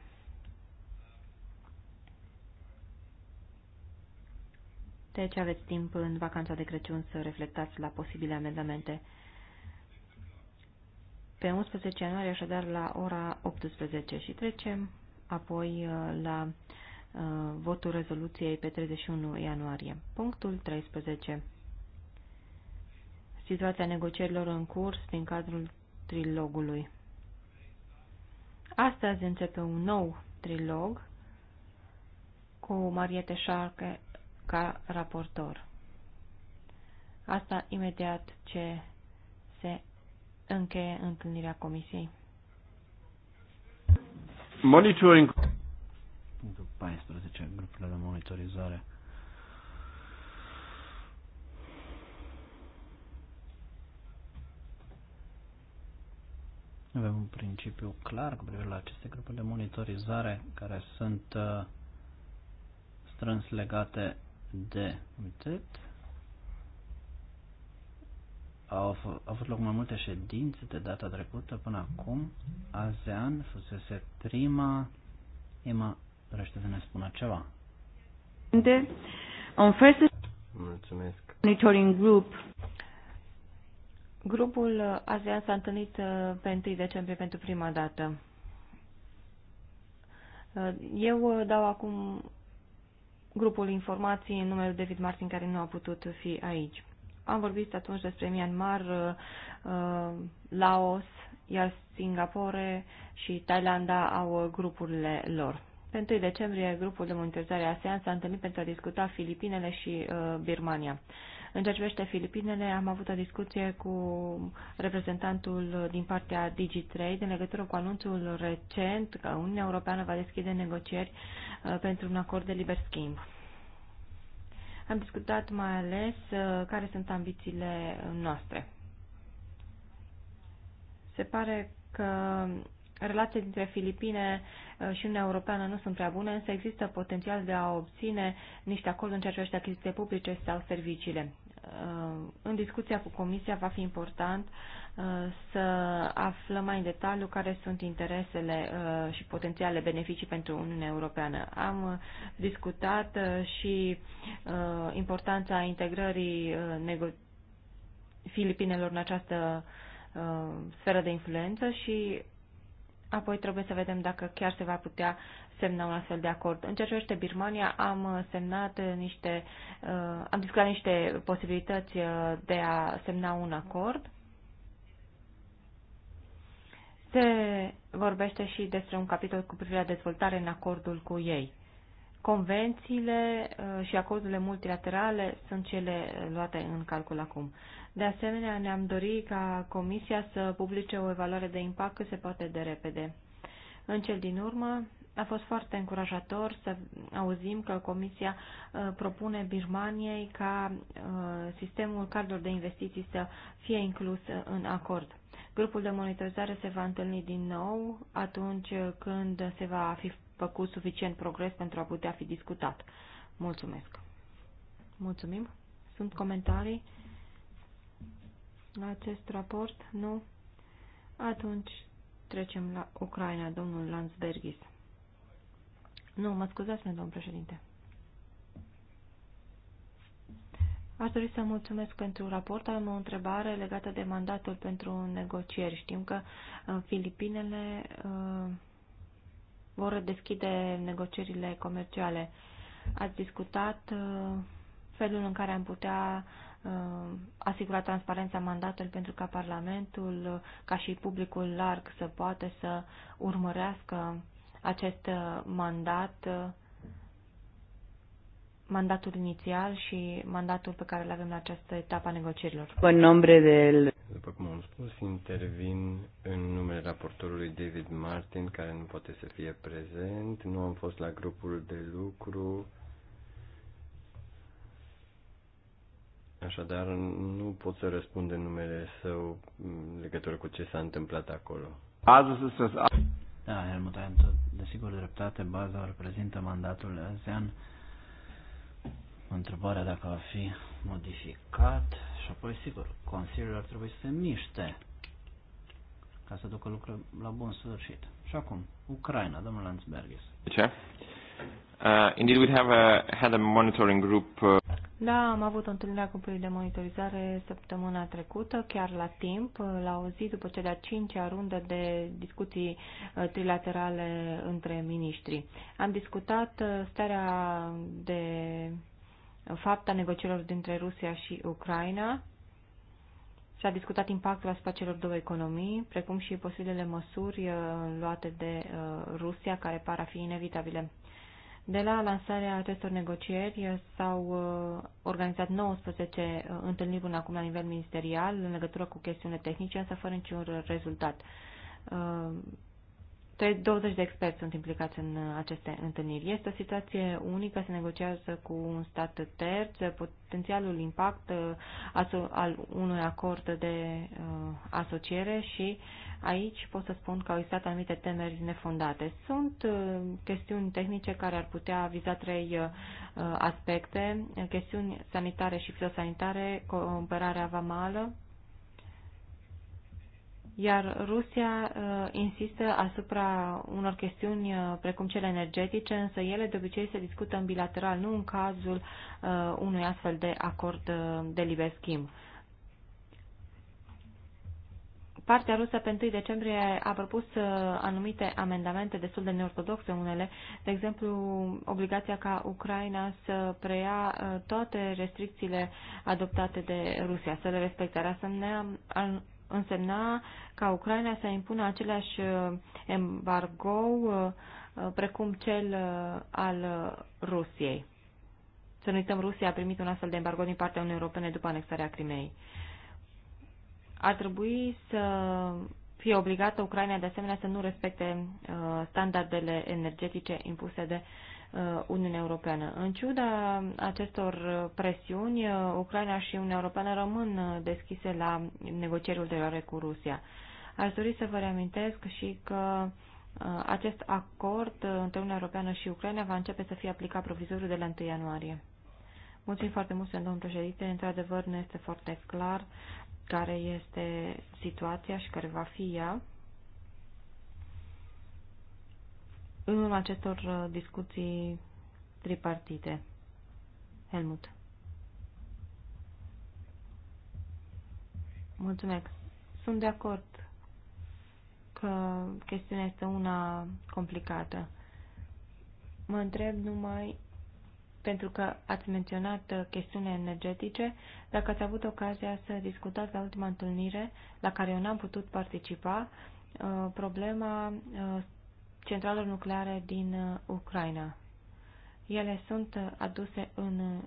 Speaker 2: deci aveți timp în vacanța de Crăciun să reflectați la posibile amendamente. Pe 11 ianuarie, așadar, la ora 18 și trecem apoi uh, la uh, votul rezoluției pe 31 ianuarie. Punctul 13. Situația negocierilor în curs din cadrul trilogului. Astăzi începe un nou trilog cu Mariette Sharke ca raportor. Asta imediat ce se încheie întâlnirea comisiei.
Speaker 3: Monitoring. Punctul 14. Grupurile de monitorizare. Avem un principiu clar cu privire la aceste grupuri de monitorizare care sunt uh, strâns legate de uite, Au, au avut loc mai multe ședințe de data trecută până acum. ASEAN fusese prima. ema, dorește să ne spună ceva.
Speaker 2: De, on first...
Speaker 3: Mulțumesc.
Speaker 2: Monitoring group. Grupul ASEAN s-a întâlnit uh, pe 1 decembrie pentru prima dată. Uh, eu uh, dau acum grupul informații în numele David Martin care nu a putut fi aici. Am vorbit atunci despre Myanmar, uh, uh, Laos, iar Singapore și Thailanda au uh, grupurile lor. Pe 1 decembrie, grupul de monitorizare ASEAN s-a întâlnit pentru a discuta Filipinele și Birmania. În ceea ce privește Filipinele, am avut o discuție cu reprezentantul din partea DigiTrade în legătură cu anunțul recent că Uniunea Europeană va deschide negocieri uh, pentru un acord de liber schimb. Am discutat mai ales uh, care sunt ambițiile noastre. Se pare că Relațiile dintre Filipine uh, și Uniunea Europeană nu sunt prea bune, însă există potențial de a obține niște acorduri în ceea ce privește achizițiile publice sau serviciile. Uh, în discuția cu Comisia va fi important uh, să aflăm mai în detaliu care sunt interesele și potențiale beneficii pentru Uniunea Europeană. Am discutat și importanța integrării Filipinelor în această sferă de influență și Apoi trebuie să vedem dacă chiar se va putea semna un astfel de acord. În ceea ce privește Birmania, am semnat niște, uh, am discutat niște posibilități uh, de a semna un acord. Se vorbește și despre un capitol cu privire la dezvoltare în acordul cu ei. Convențiile uh, și acordurile multilaterale sunt cele luate în calcul acum. De asemenea, ne-am dorit ca Comisia să publice o evaluare de impact cât se poate de repede. În cel din urmă, a fost foarte încurajator să auzim că Comisia uh, propune Birmaniei ca uh, sistemul cardurilor de investiții să fie inclus uh, în acord. Grupul de monitorizare se va întâlni din nou atunci când se va fi făcut suficient progres pentru a putea fi discutat. Mulțumesc! Mulțumim! Sunt comentarii? la acest raport? Nu? Atunci trecem la Ucraina, domnul Landsbergis. Nu, mă scuzați-mă, domnul președinte. Aș dori să mulțumesc pentru raport. Avem o întrebare legată de mandatul pentru negocieri. Știm că uh, Filipinele uh, vor deschide negocierile comerciale. Ați discutat uh, felul în care am putea uh, Uh, asigura transparența mandatului pentru ca Parlamentul, ca și publicul larg, să poată să urmărească acest uh, mandat, uh, mandatul inițial și mandatul pe care îl avem la această etapă a negocierilor. În nombre del... După cum
Speaker 1: am spus, intervin în numele raportorului David Martin, care nu poate să fie prezent. Nu am fost la grupul de lucru Așadar, nu pot să răspund în numele său legătură cu ce s-a întâmplat acolo.
Speaker 3: Da, Helmut, ai desigur dreptate, baza reprezintă mandatul ASEAN. Întrebarea dacă va fi modificat și apoi, sigur, Consiliul ar trebui să se miște ca să ducă lucrul la bun sfârșit. Și acum, Ucraina, domnul Landsbergis.
Speaker 1: Ce? Uh, indeed, we have a, uh, had a monitoring group. Uh...
Speaker 2: Da, am avut o întâlnire cu grupului de monitorizare săptămâna trecută, chiar la timp, la o zi după cea de-a cincea rundă de discuții uh, trilaterale între miniștri. Am discutat uh, starea de fapt a negocierilor dintre Rusia și Ucraina. S-a discutat impactul asupra celor două economii, precum și posibilele măsuri uh, luate de Rusia care par a fi inevitabile. De la lansarea acestor negocieri s-au uh, organizat 19 uh, întâlniri până acum la nivel ministerial în legătură cu chestiune tehnice, însă fără niciun rezultat. Uh, 20 de experți sunt implicați în aceste întâlniri. Este o situație unică, se negociază cu un stat terț. Potențialul impact uh, al unui acord de uh, asociere și aici pot să spun că au existat anumite temeri nefondate. Sunt uh, chestiuni tehnice care ar putea viza trei aspecte, chestiuni sanitare și fitosanitare, cooperarea vamală, iar Rusia uh, insistă asupra unor chestiuni uh, precum cele energetice, însă ele de obicei se discută în bilateral, nu în cazul uh, unui astfel de acord de liber schimb. Partea rusă pe 1 decembrie a propus anumite amendamente destul de neortodoxe unele, de exemplu obligația ca Ucraina să preia toate restricțiile adoptate de Rusia, să le respecte. Asta ne însemna ca Ucraina să impună același eh, embargo eh, eh, precum cel al Rusiei. Să nu uităm, Rusia a primit un astfel de embargo din partea Uniunii Europene după anexarea Crimeei. Ar trebui să fie obligată Ucraina de asemenea să nu respecte standardele energetice impuse de uh, Uh, Uniunea Europeană. În ciuda acestor presiuni, uh, Ucraina și Uniunea Europeană rămân uh, deschise la negocieri ulterioare cu Rusia. Aș dori să vă reamintesc și că acest acord între Uniunea Europeană și Ucraina va începe să fie aplicat provizoriu de la 1 ianuarie. Mulțumim foarte mult, domnul președinte. Într-adevăr, ne este foarte clar care este situația și care va fi ea. în urma acestor uh, discuții tripartite. Helmut. Mulțumesc. Sunt de acord că chestiunea este una complicată. Mă întreb numai, pentru că ați menționat uh, chestiune energetice, dacă ați avut ocazia să discutați la ultima întâlnire, la care eu n-am putut participa, uh, problema centralelor nucleare din uh, Ucraina. Ele sunt uh, aduse în uh,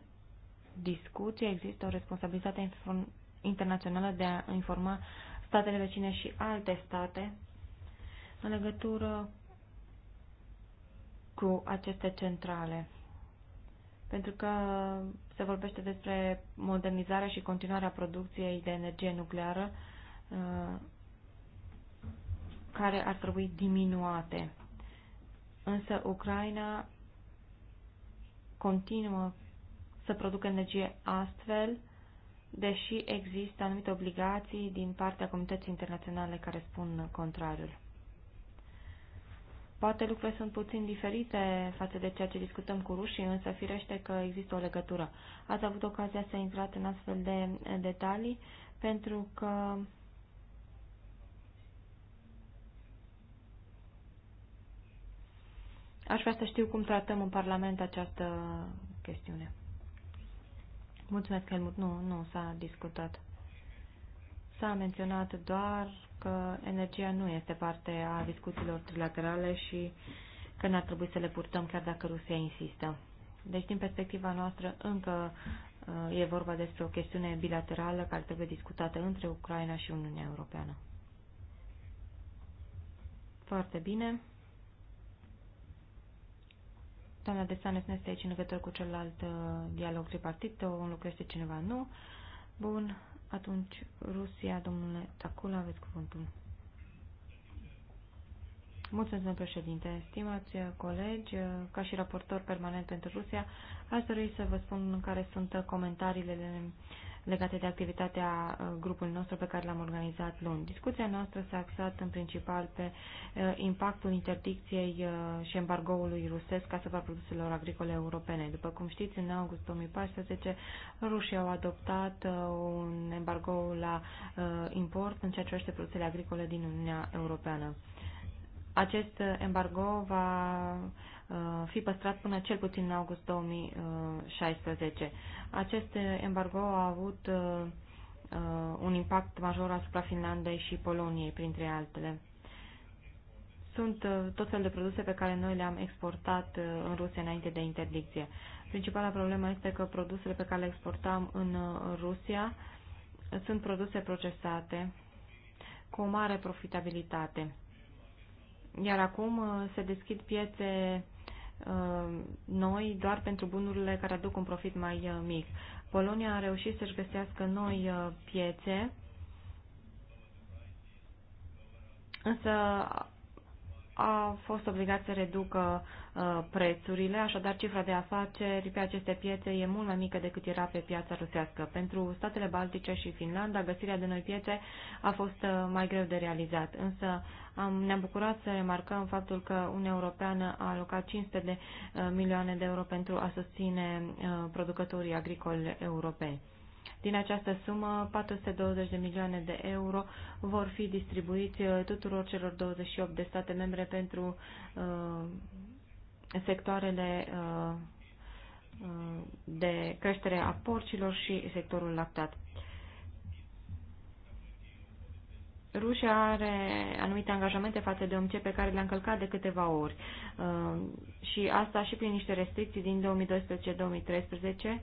Speaker 2: discuție, există o responsabilitate internațională de a informa statele vecine și alte state în legătură cu aceste centrale. Pentru că se vorbește despre modernizarea și continuarea producției de energie nucleară care ar trebui diminuate însă Ucraina continuă să producă energie astfel, deși există anumite obligații din partea comunității internaționale care spun contrariul. Poate lucrurile sunt puțin diferite față de ceea ce discutăm cu rușii, însă firește că există o legătură. Ați avut ocazia să intrați în astfel de detalii pentru că Aș vrea să știu cum tratăm în Parlament această chestiune. Mulțumesc, Helmut. Nu, nu s-a discutat. S-a menționat doar că energia nu este parte a discuțiilor trilaterale și că n-ar trebui să le purtăm chiar dacă Rusia insistă. Deci, din perspectiva noastră, încă uh, e vorba despre o chestiune bilaterală care trebuie discutată între Ucraina și Uniunea Europeană. Foarte bine doamna Sanes nu este aici în legătură cu celălalt uh, dialog tripartit, o înlocuiește cineva, nu. Bun, atunci Rusia, domnule Tacula, aveți cuvântul. Mulțumesc, domnule președinte. Stimați uh, colegi, uh, ca și raportor permanent pentru Rusia, aș dori să vă spun în care sunt comentariile legate de activitatea uh, grupului nostru pe care l-am organizat luni. Discuția noastră s-a axat în principal pe uh, impactul interdicției uh, și embargoului rusesc asupra produselor agricole europene. După cum știți, în august 2014, rușii au adoptat un embargo la import în ceea ce privește produsele agricole din Uniunea Europeană. Acest embargo va Uh, fi păstrat până cel puțin în august 2016. Uh, Acest uh, embargo a avut un impact major asupra Finlandei și Poloniei, printre altele. Sunt tot fel de produse pe care noi le-am exportat în Rusia înainte de interdicție. Principala problemă este că produsele pe care le exportam în Rusia sunt produse procesate cu o mare profitabilitate. Iar acum se deschid piețe Uh, noi doar pentru bunurile care aduc un profit mai uh, mic. Polonia a reușit să-și găsească noi uh, piețe, însă a fost obligat să reducă Uh, prețurile, așadar cifra de afaceri pe aceste piețe e mult mai mică decât era pe piața rusească. Pentru statele Baltice și Finlanda, găsirea de noi piețe a fost uh, mai greu de realizat, însă am, ne-am bucurat să remarcăm faptul că Uniunea Europeană a alocat 500 de uh, milioane de euro pentru a susține producătorii agricoli europeni. Din această sumă, 420 de milioane de euro vor fi distribuiți tuturor celor 28 de state membre pentru uh, sectoarele uh, uh, de creștere a porcilor și sectorul lactat. Rusia are anumite angajamente față de OMC pe care le-a încălcat de câteva ori uh, și asta și prin niște restricții din 2012-2013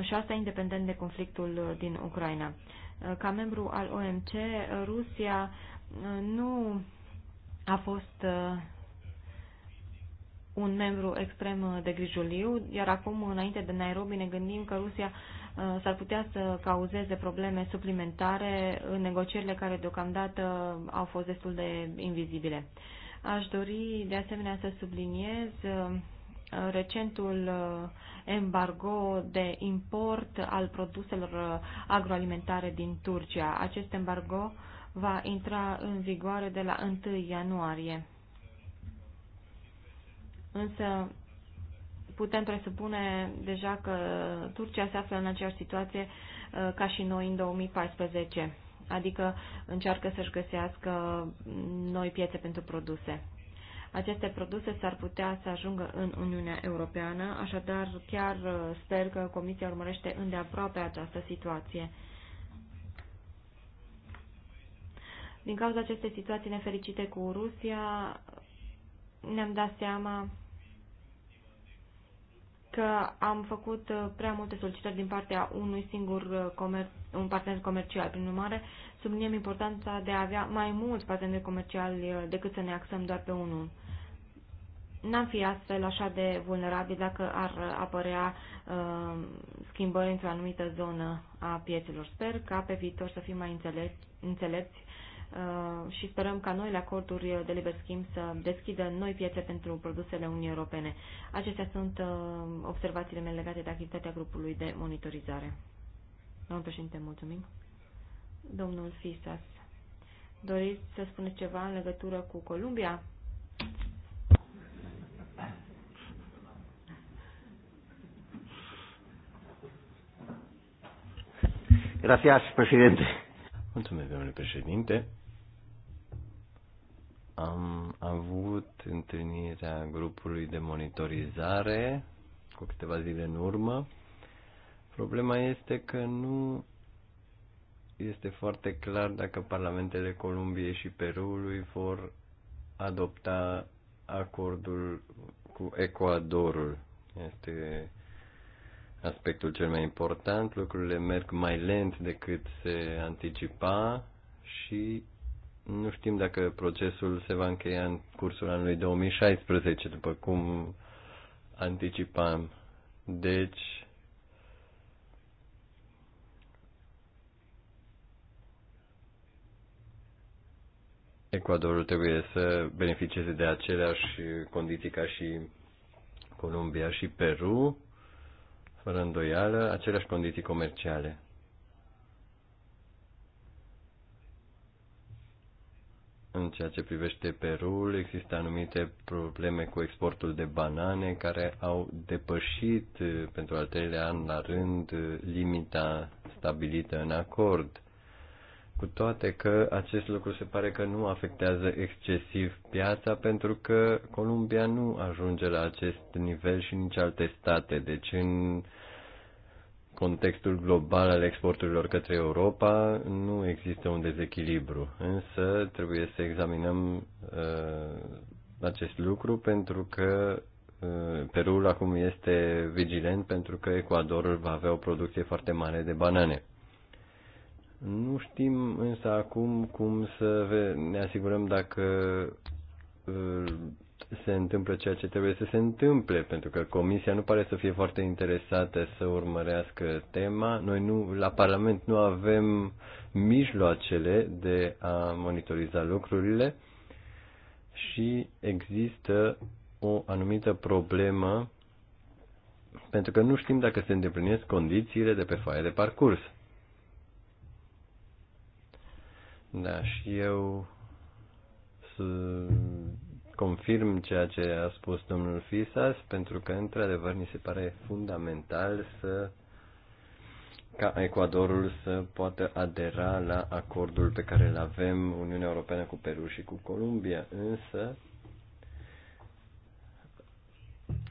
Speaker 2: și asta independent de conflictul din Ucraina. Ca membru al OMC, Rusia nu a fost un membru extrem uh, de grijuliu, iar acum, înainte de Nairobi, ne gândim că Rusia uh, s-ar putea să cauzeze probleme suplimentare în negocierile care deocamdată uh, au fost destul de invizibile. Aș dori de asemenea să subliniez recentul embargo de import al produselor agroalimentare din Turcia. Acest embargo va intra în vigoare de la 1 ianuarie însă putem presupune deja că Turcia se află în aceeași situație uh, ca și noi în 2014, adică încearcă să-și găsească noi piețe pentru produse. Aceste produse s-ar putea să ajungă în Uniunea Europeană, așadar chiar uh, sper că Comisia urmărește îndeaproape această situație. Din cauza acestei situații nefericite cu Rusia, ne-am dat seama că am făcut uh, prea multe solicitări din partea unui singur uh, comer un partener comercial. Prin urmare, subliniem importanța de a avea mai mulți parteneri comerciali uh, decât să ne axăm doar pe unul. N-am fi astfel așa de vulnerabil dacă ar apărea uh, schimbări într-o anumită zonă a piețelor. Sper ca pe viitor să fim mai înțelepți, înțelepți Uh, și sperăm ca noile acorduri de liber schimb să deschidă noi piețe pentru produsele Uniunii Europene. Acestea sunt uh, observațiile mele legate de activitatea grupului de monitorizare. Domnul președinte, mulțumim. Domnul Fisas, doriți să spuneți ceva în legătură cu Columbia?
Speaker 1: Gracias, presidente. Mulțumesc, domnule președinte am avut întâlnirea grupului de monitorizare cu câteva zile în urmă. Problema este că nu este foarte clar dacă parlamentele Columbiei și Perului vor adopta acordul cu Ecuadorul. Este aspectul cel mai important. Lucrurile merg mai lent decât se anticipa și nu știm dacă procesul se va încheia în cursul anului 2016, după cum anticipam. Deci, Ecuadorul trebuie să beneficieze de aceleași condiții ca și Columbia și Peru, fără îndoială, aceleași condiții comerciale. În ceea ce privește Perul, există anumite probleme cu exportul de banane care au depășit eh, pentru al treilea an la rând eh, limita stabilită în acord. Cu toate că acest lucru se pare că nu afectează excesiv piața pentru că Columbia nu ajunge la acest nivel și nici alte state. Deci în contextul global al exporturilor către Europa nu există un dezechilibru, însă trebuie să examinăm uh, acest lucru pentru că uh, Perul acum este vigilent pentru că Ecuadorul va avea o producție foarte mare de banane. Nu știm însă acum cum să ne asigurăm dacă uh, se întâmplă ceea ce trebuie să se întâmple, pentru că comisia nu pare să fie foarte interesată să urmărească tema. Noi nu, la Parlament nu avem mijloacele de a monitoriza lucrurile și există o anumită problemă pentru că nu știm dacă se îndeplinesc condițiile de pe foaia de parcurs. Da, și eu confirm ceea ce a spus domnul Fisas, pentru că, într-adevăr, ni se pare fundamental să ca Ecuadorul să poată adera la acordul pe care îl avem Uniunea Europeană cu Peru și cu Columbia, însă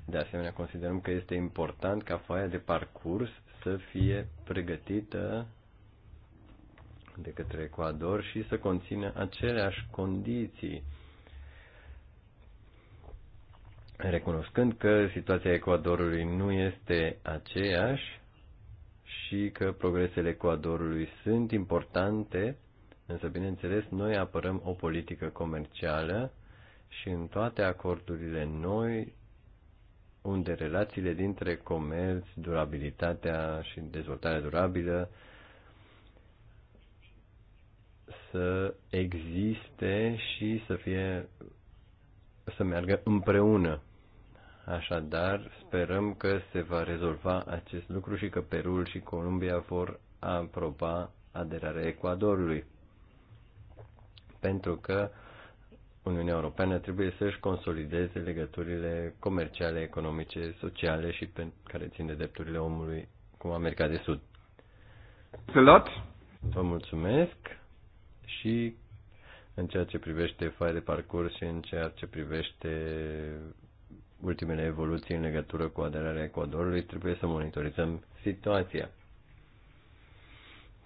Speaker 1: de asemenea considerăm că este important ca foaia de parcurs să fie pregătită de către Ecuador și să conțină aceleași condiții recunoscând că situația Ecuadorului nu este aceeași și că progresele Ecuadorului sunt importante, însă, bineînțeles, noi apărăm o politică comercială și în toate acordurile noi, unde relațiile dintre comerț, durabilitatea și dezvoltarea durabilă să existe și să fie să meargă împreună Așadar, sperăm că se va rezolva acest lucru și că Perul și Columbia vor aproba aderarea Ecuadorului. Pentru că Uniunea Europeană trebuie să-și consolideze legăturile comerciale, economice, sociale și pe care țin de drepturile omului cu America de Sud. Vă mulțumesc și în ceea ce privește faie de parcurs și în ceea ce privește ultimele evoluții în legătură cu aderarea Ecuadorului, trebuie să monitorizăm situația.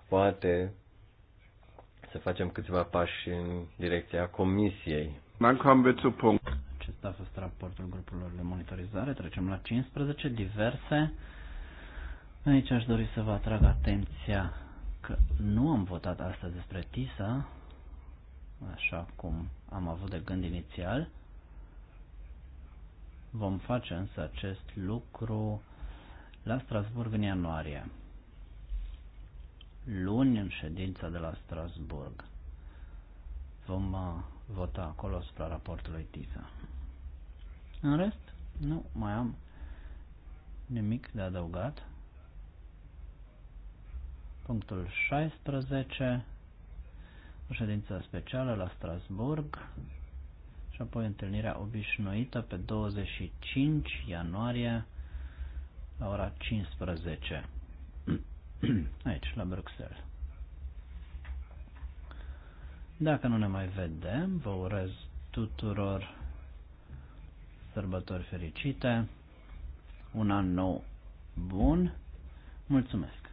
Speaker 1: Poate să facem câțiva pași în direcția Comisiei. Acesta
Speaker 3: a fost raportul grupurilor de monitorizare. Trecem la 15, diverse. Aici aș dori să vă atrag atenția că nu am votat astăzi despre TISA, așa cum am avut de gând inițial, Vom face însă acest lucru la Strasburg în ianuarie. Luni în ședința de la Strasburg. Vom uh, vota acolo asupra raportului TISA. În rest, nu mai am nimic de adăugat. Punctul 16, o ședință specială la Strasburg, și apoi întâlnirea obișnuită pe 25 ianuarie la ora 15 aici la Bruxelles. Dacă nu ne mai vedem, vă urez tuturor sărbători fericite, un an nou bun. Mulțumesc!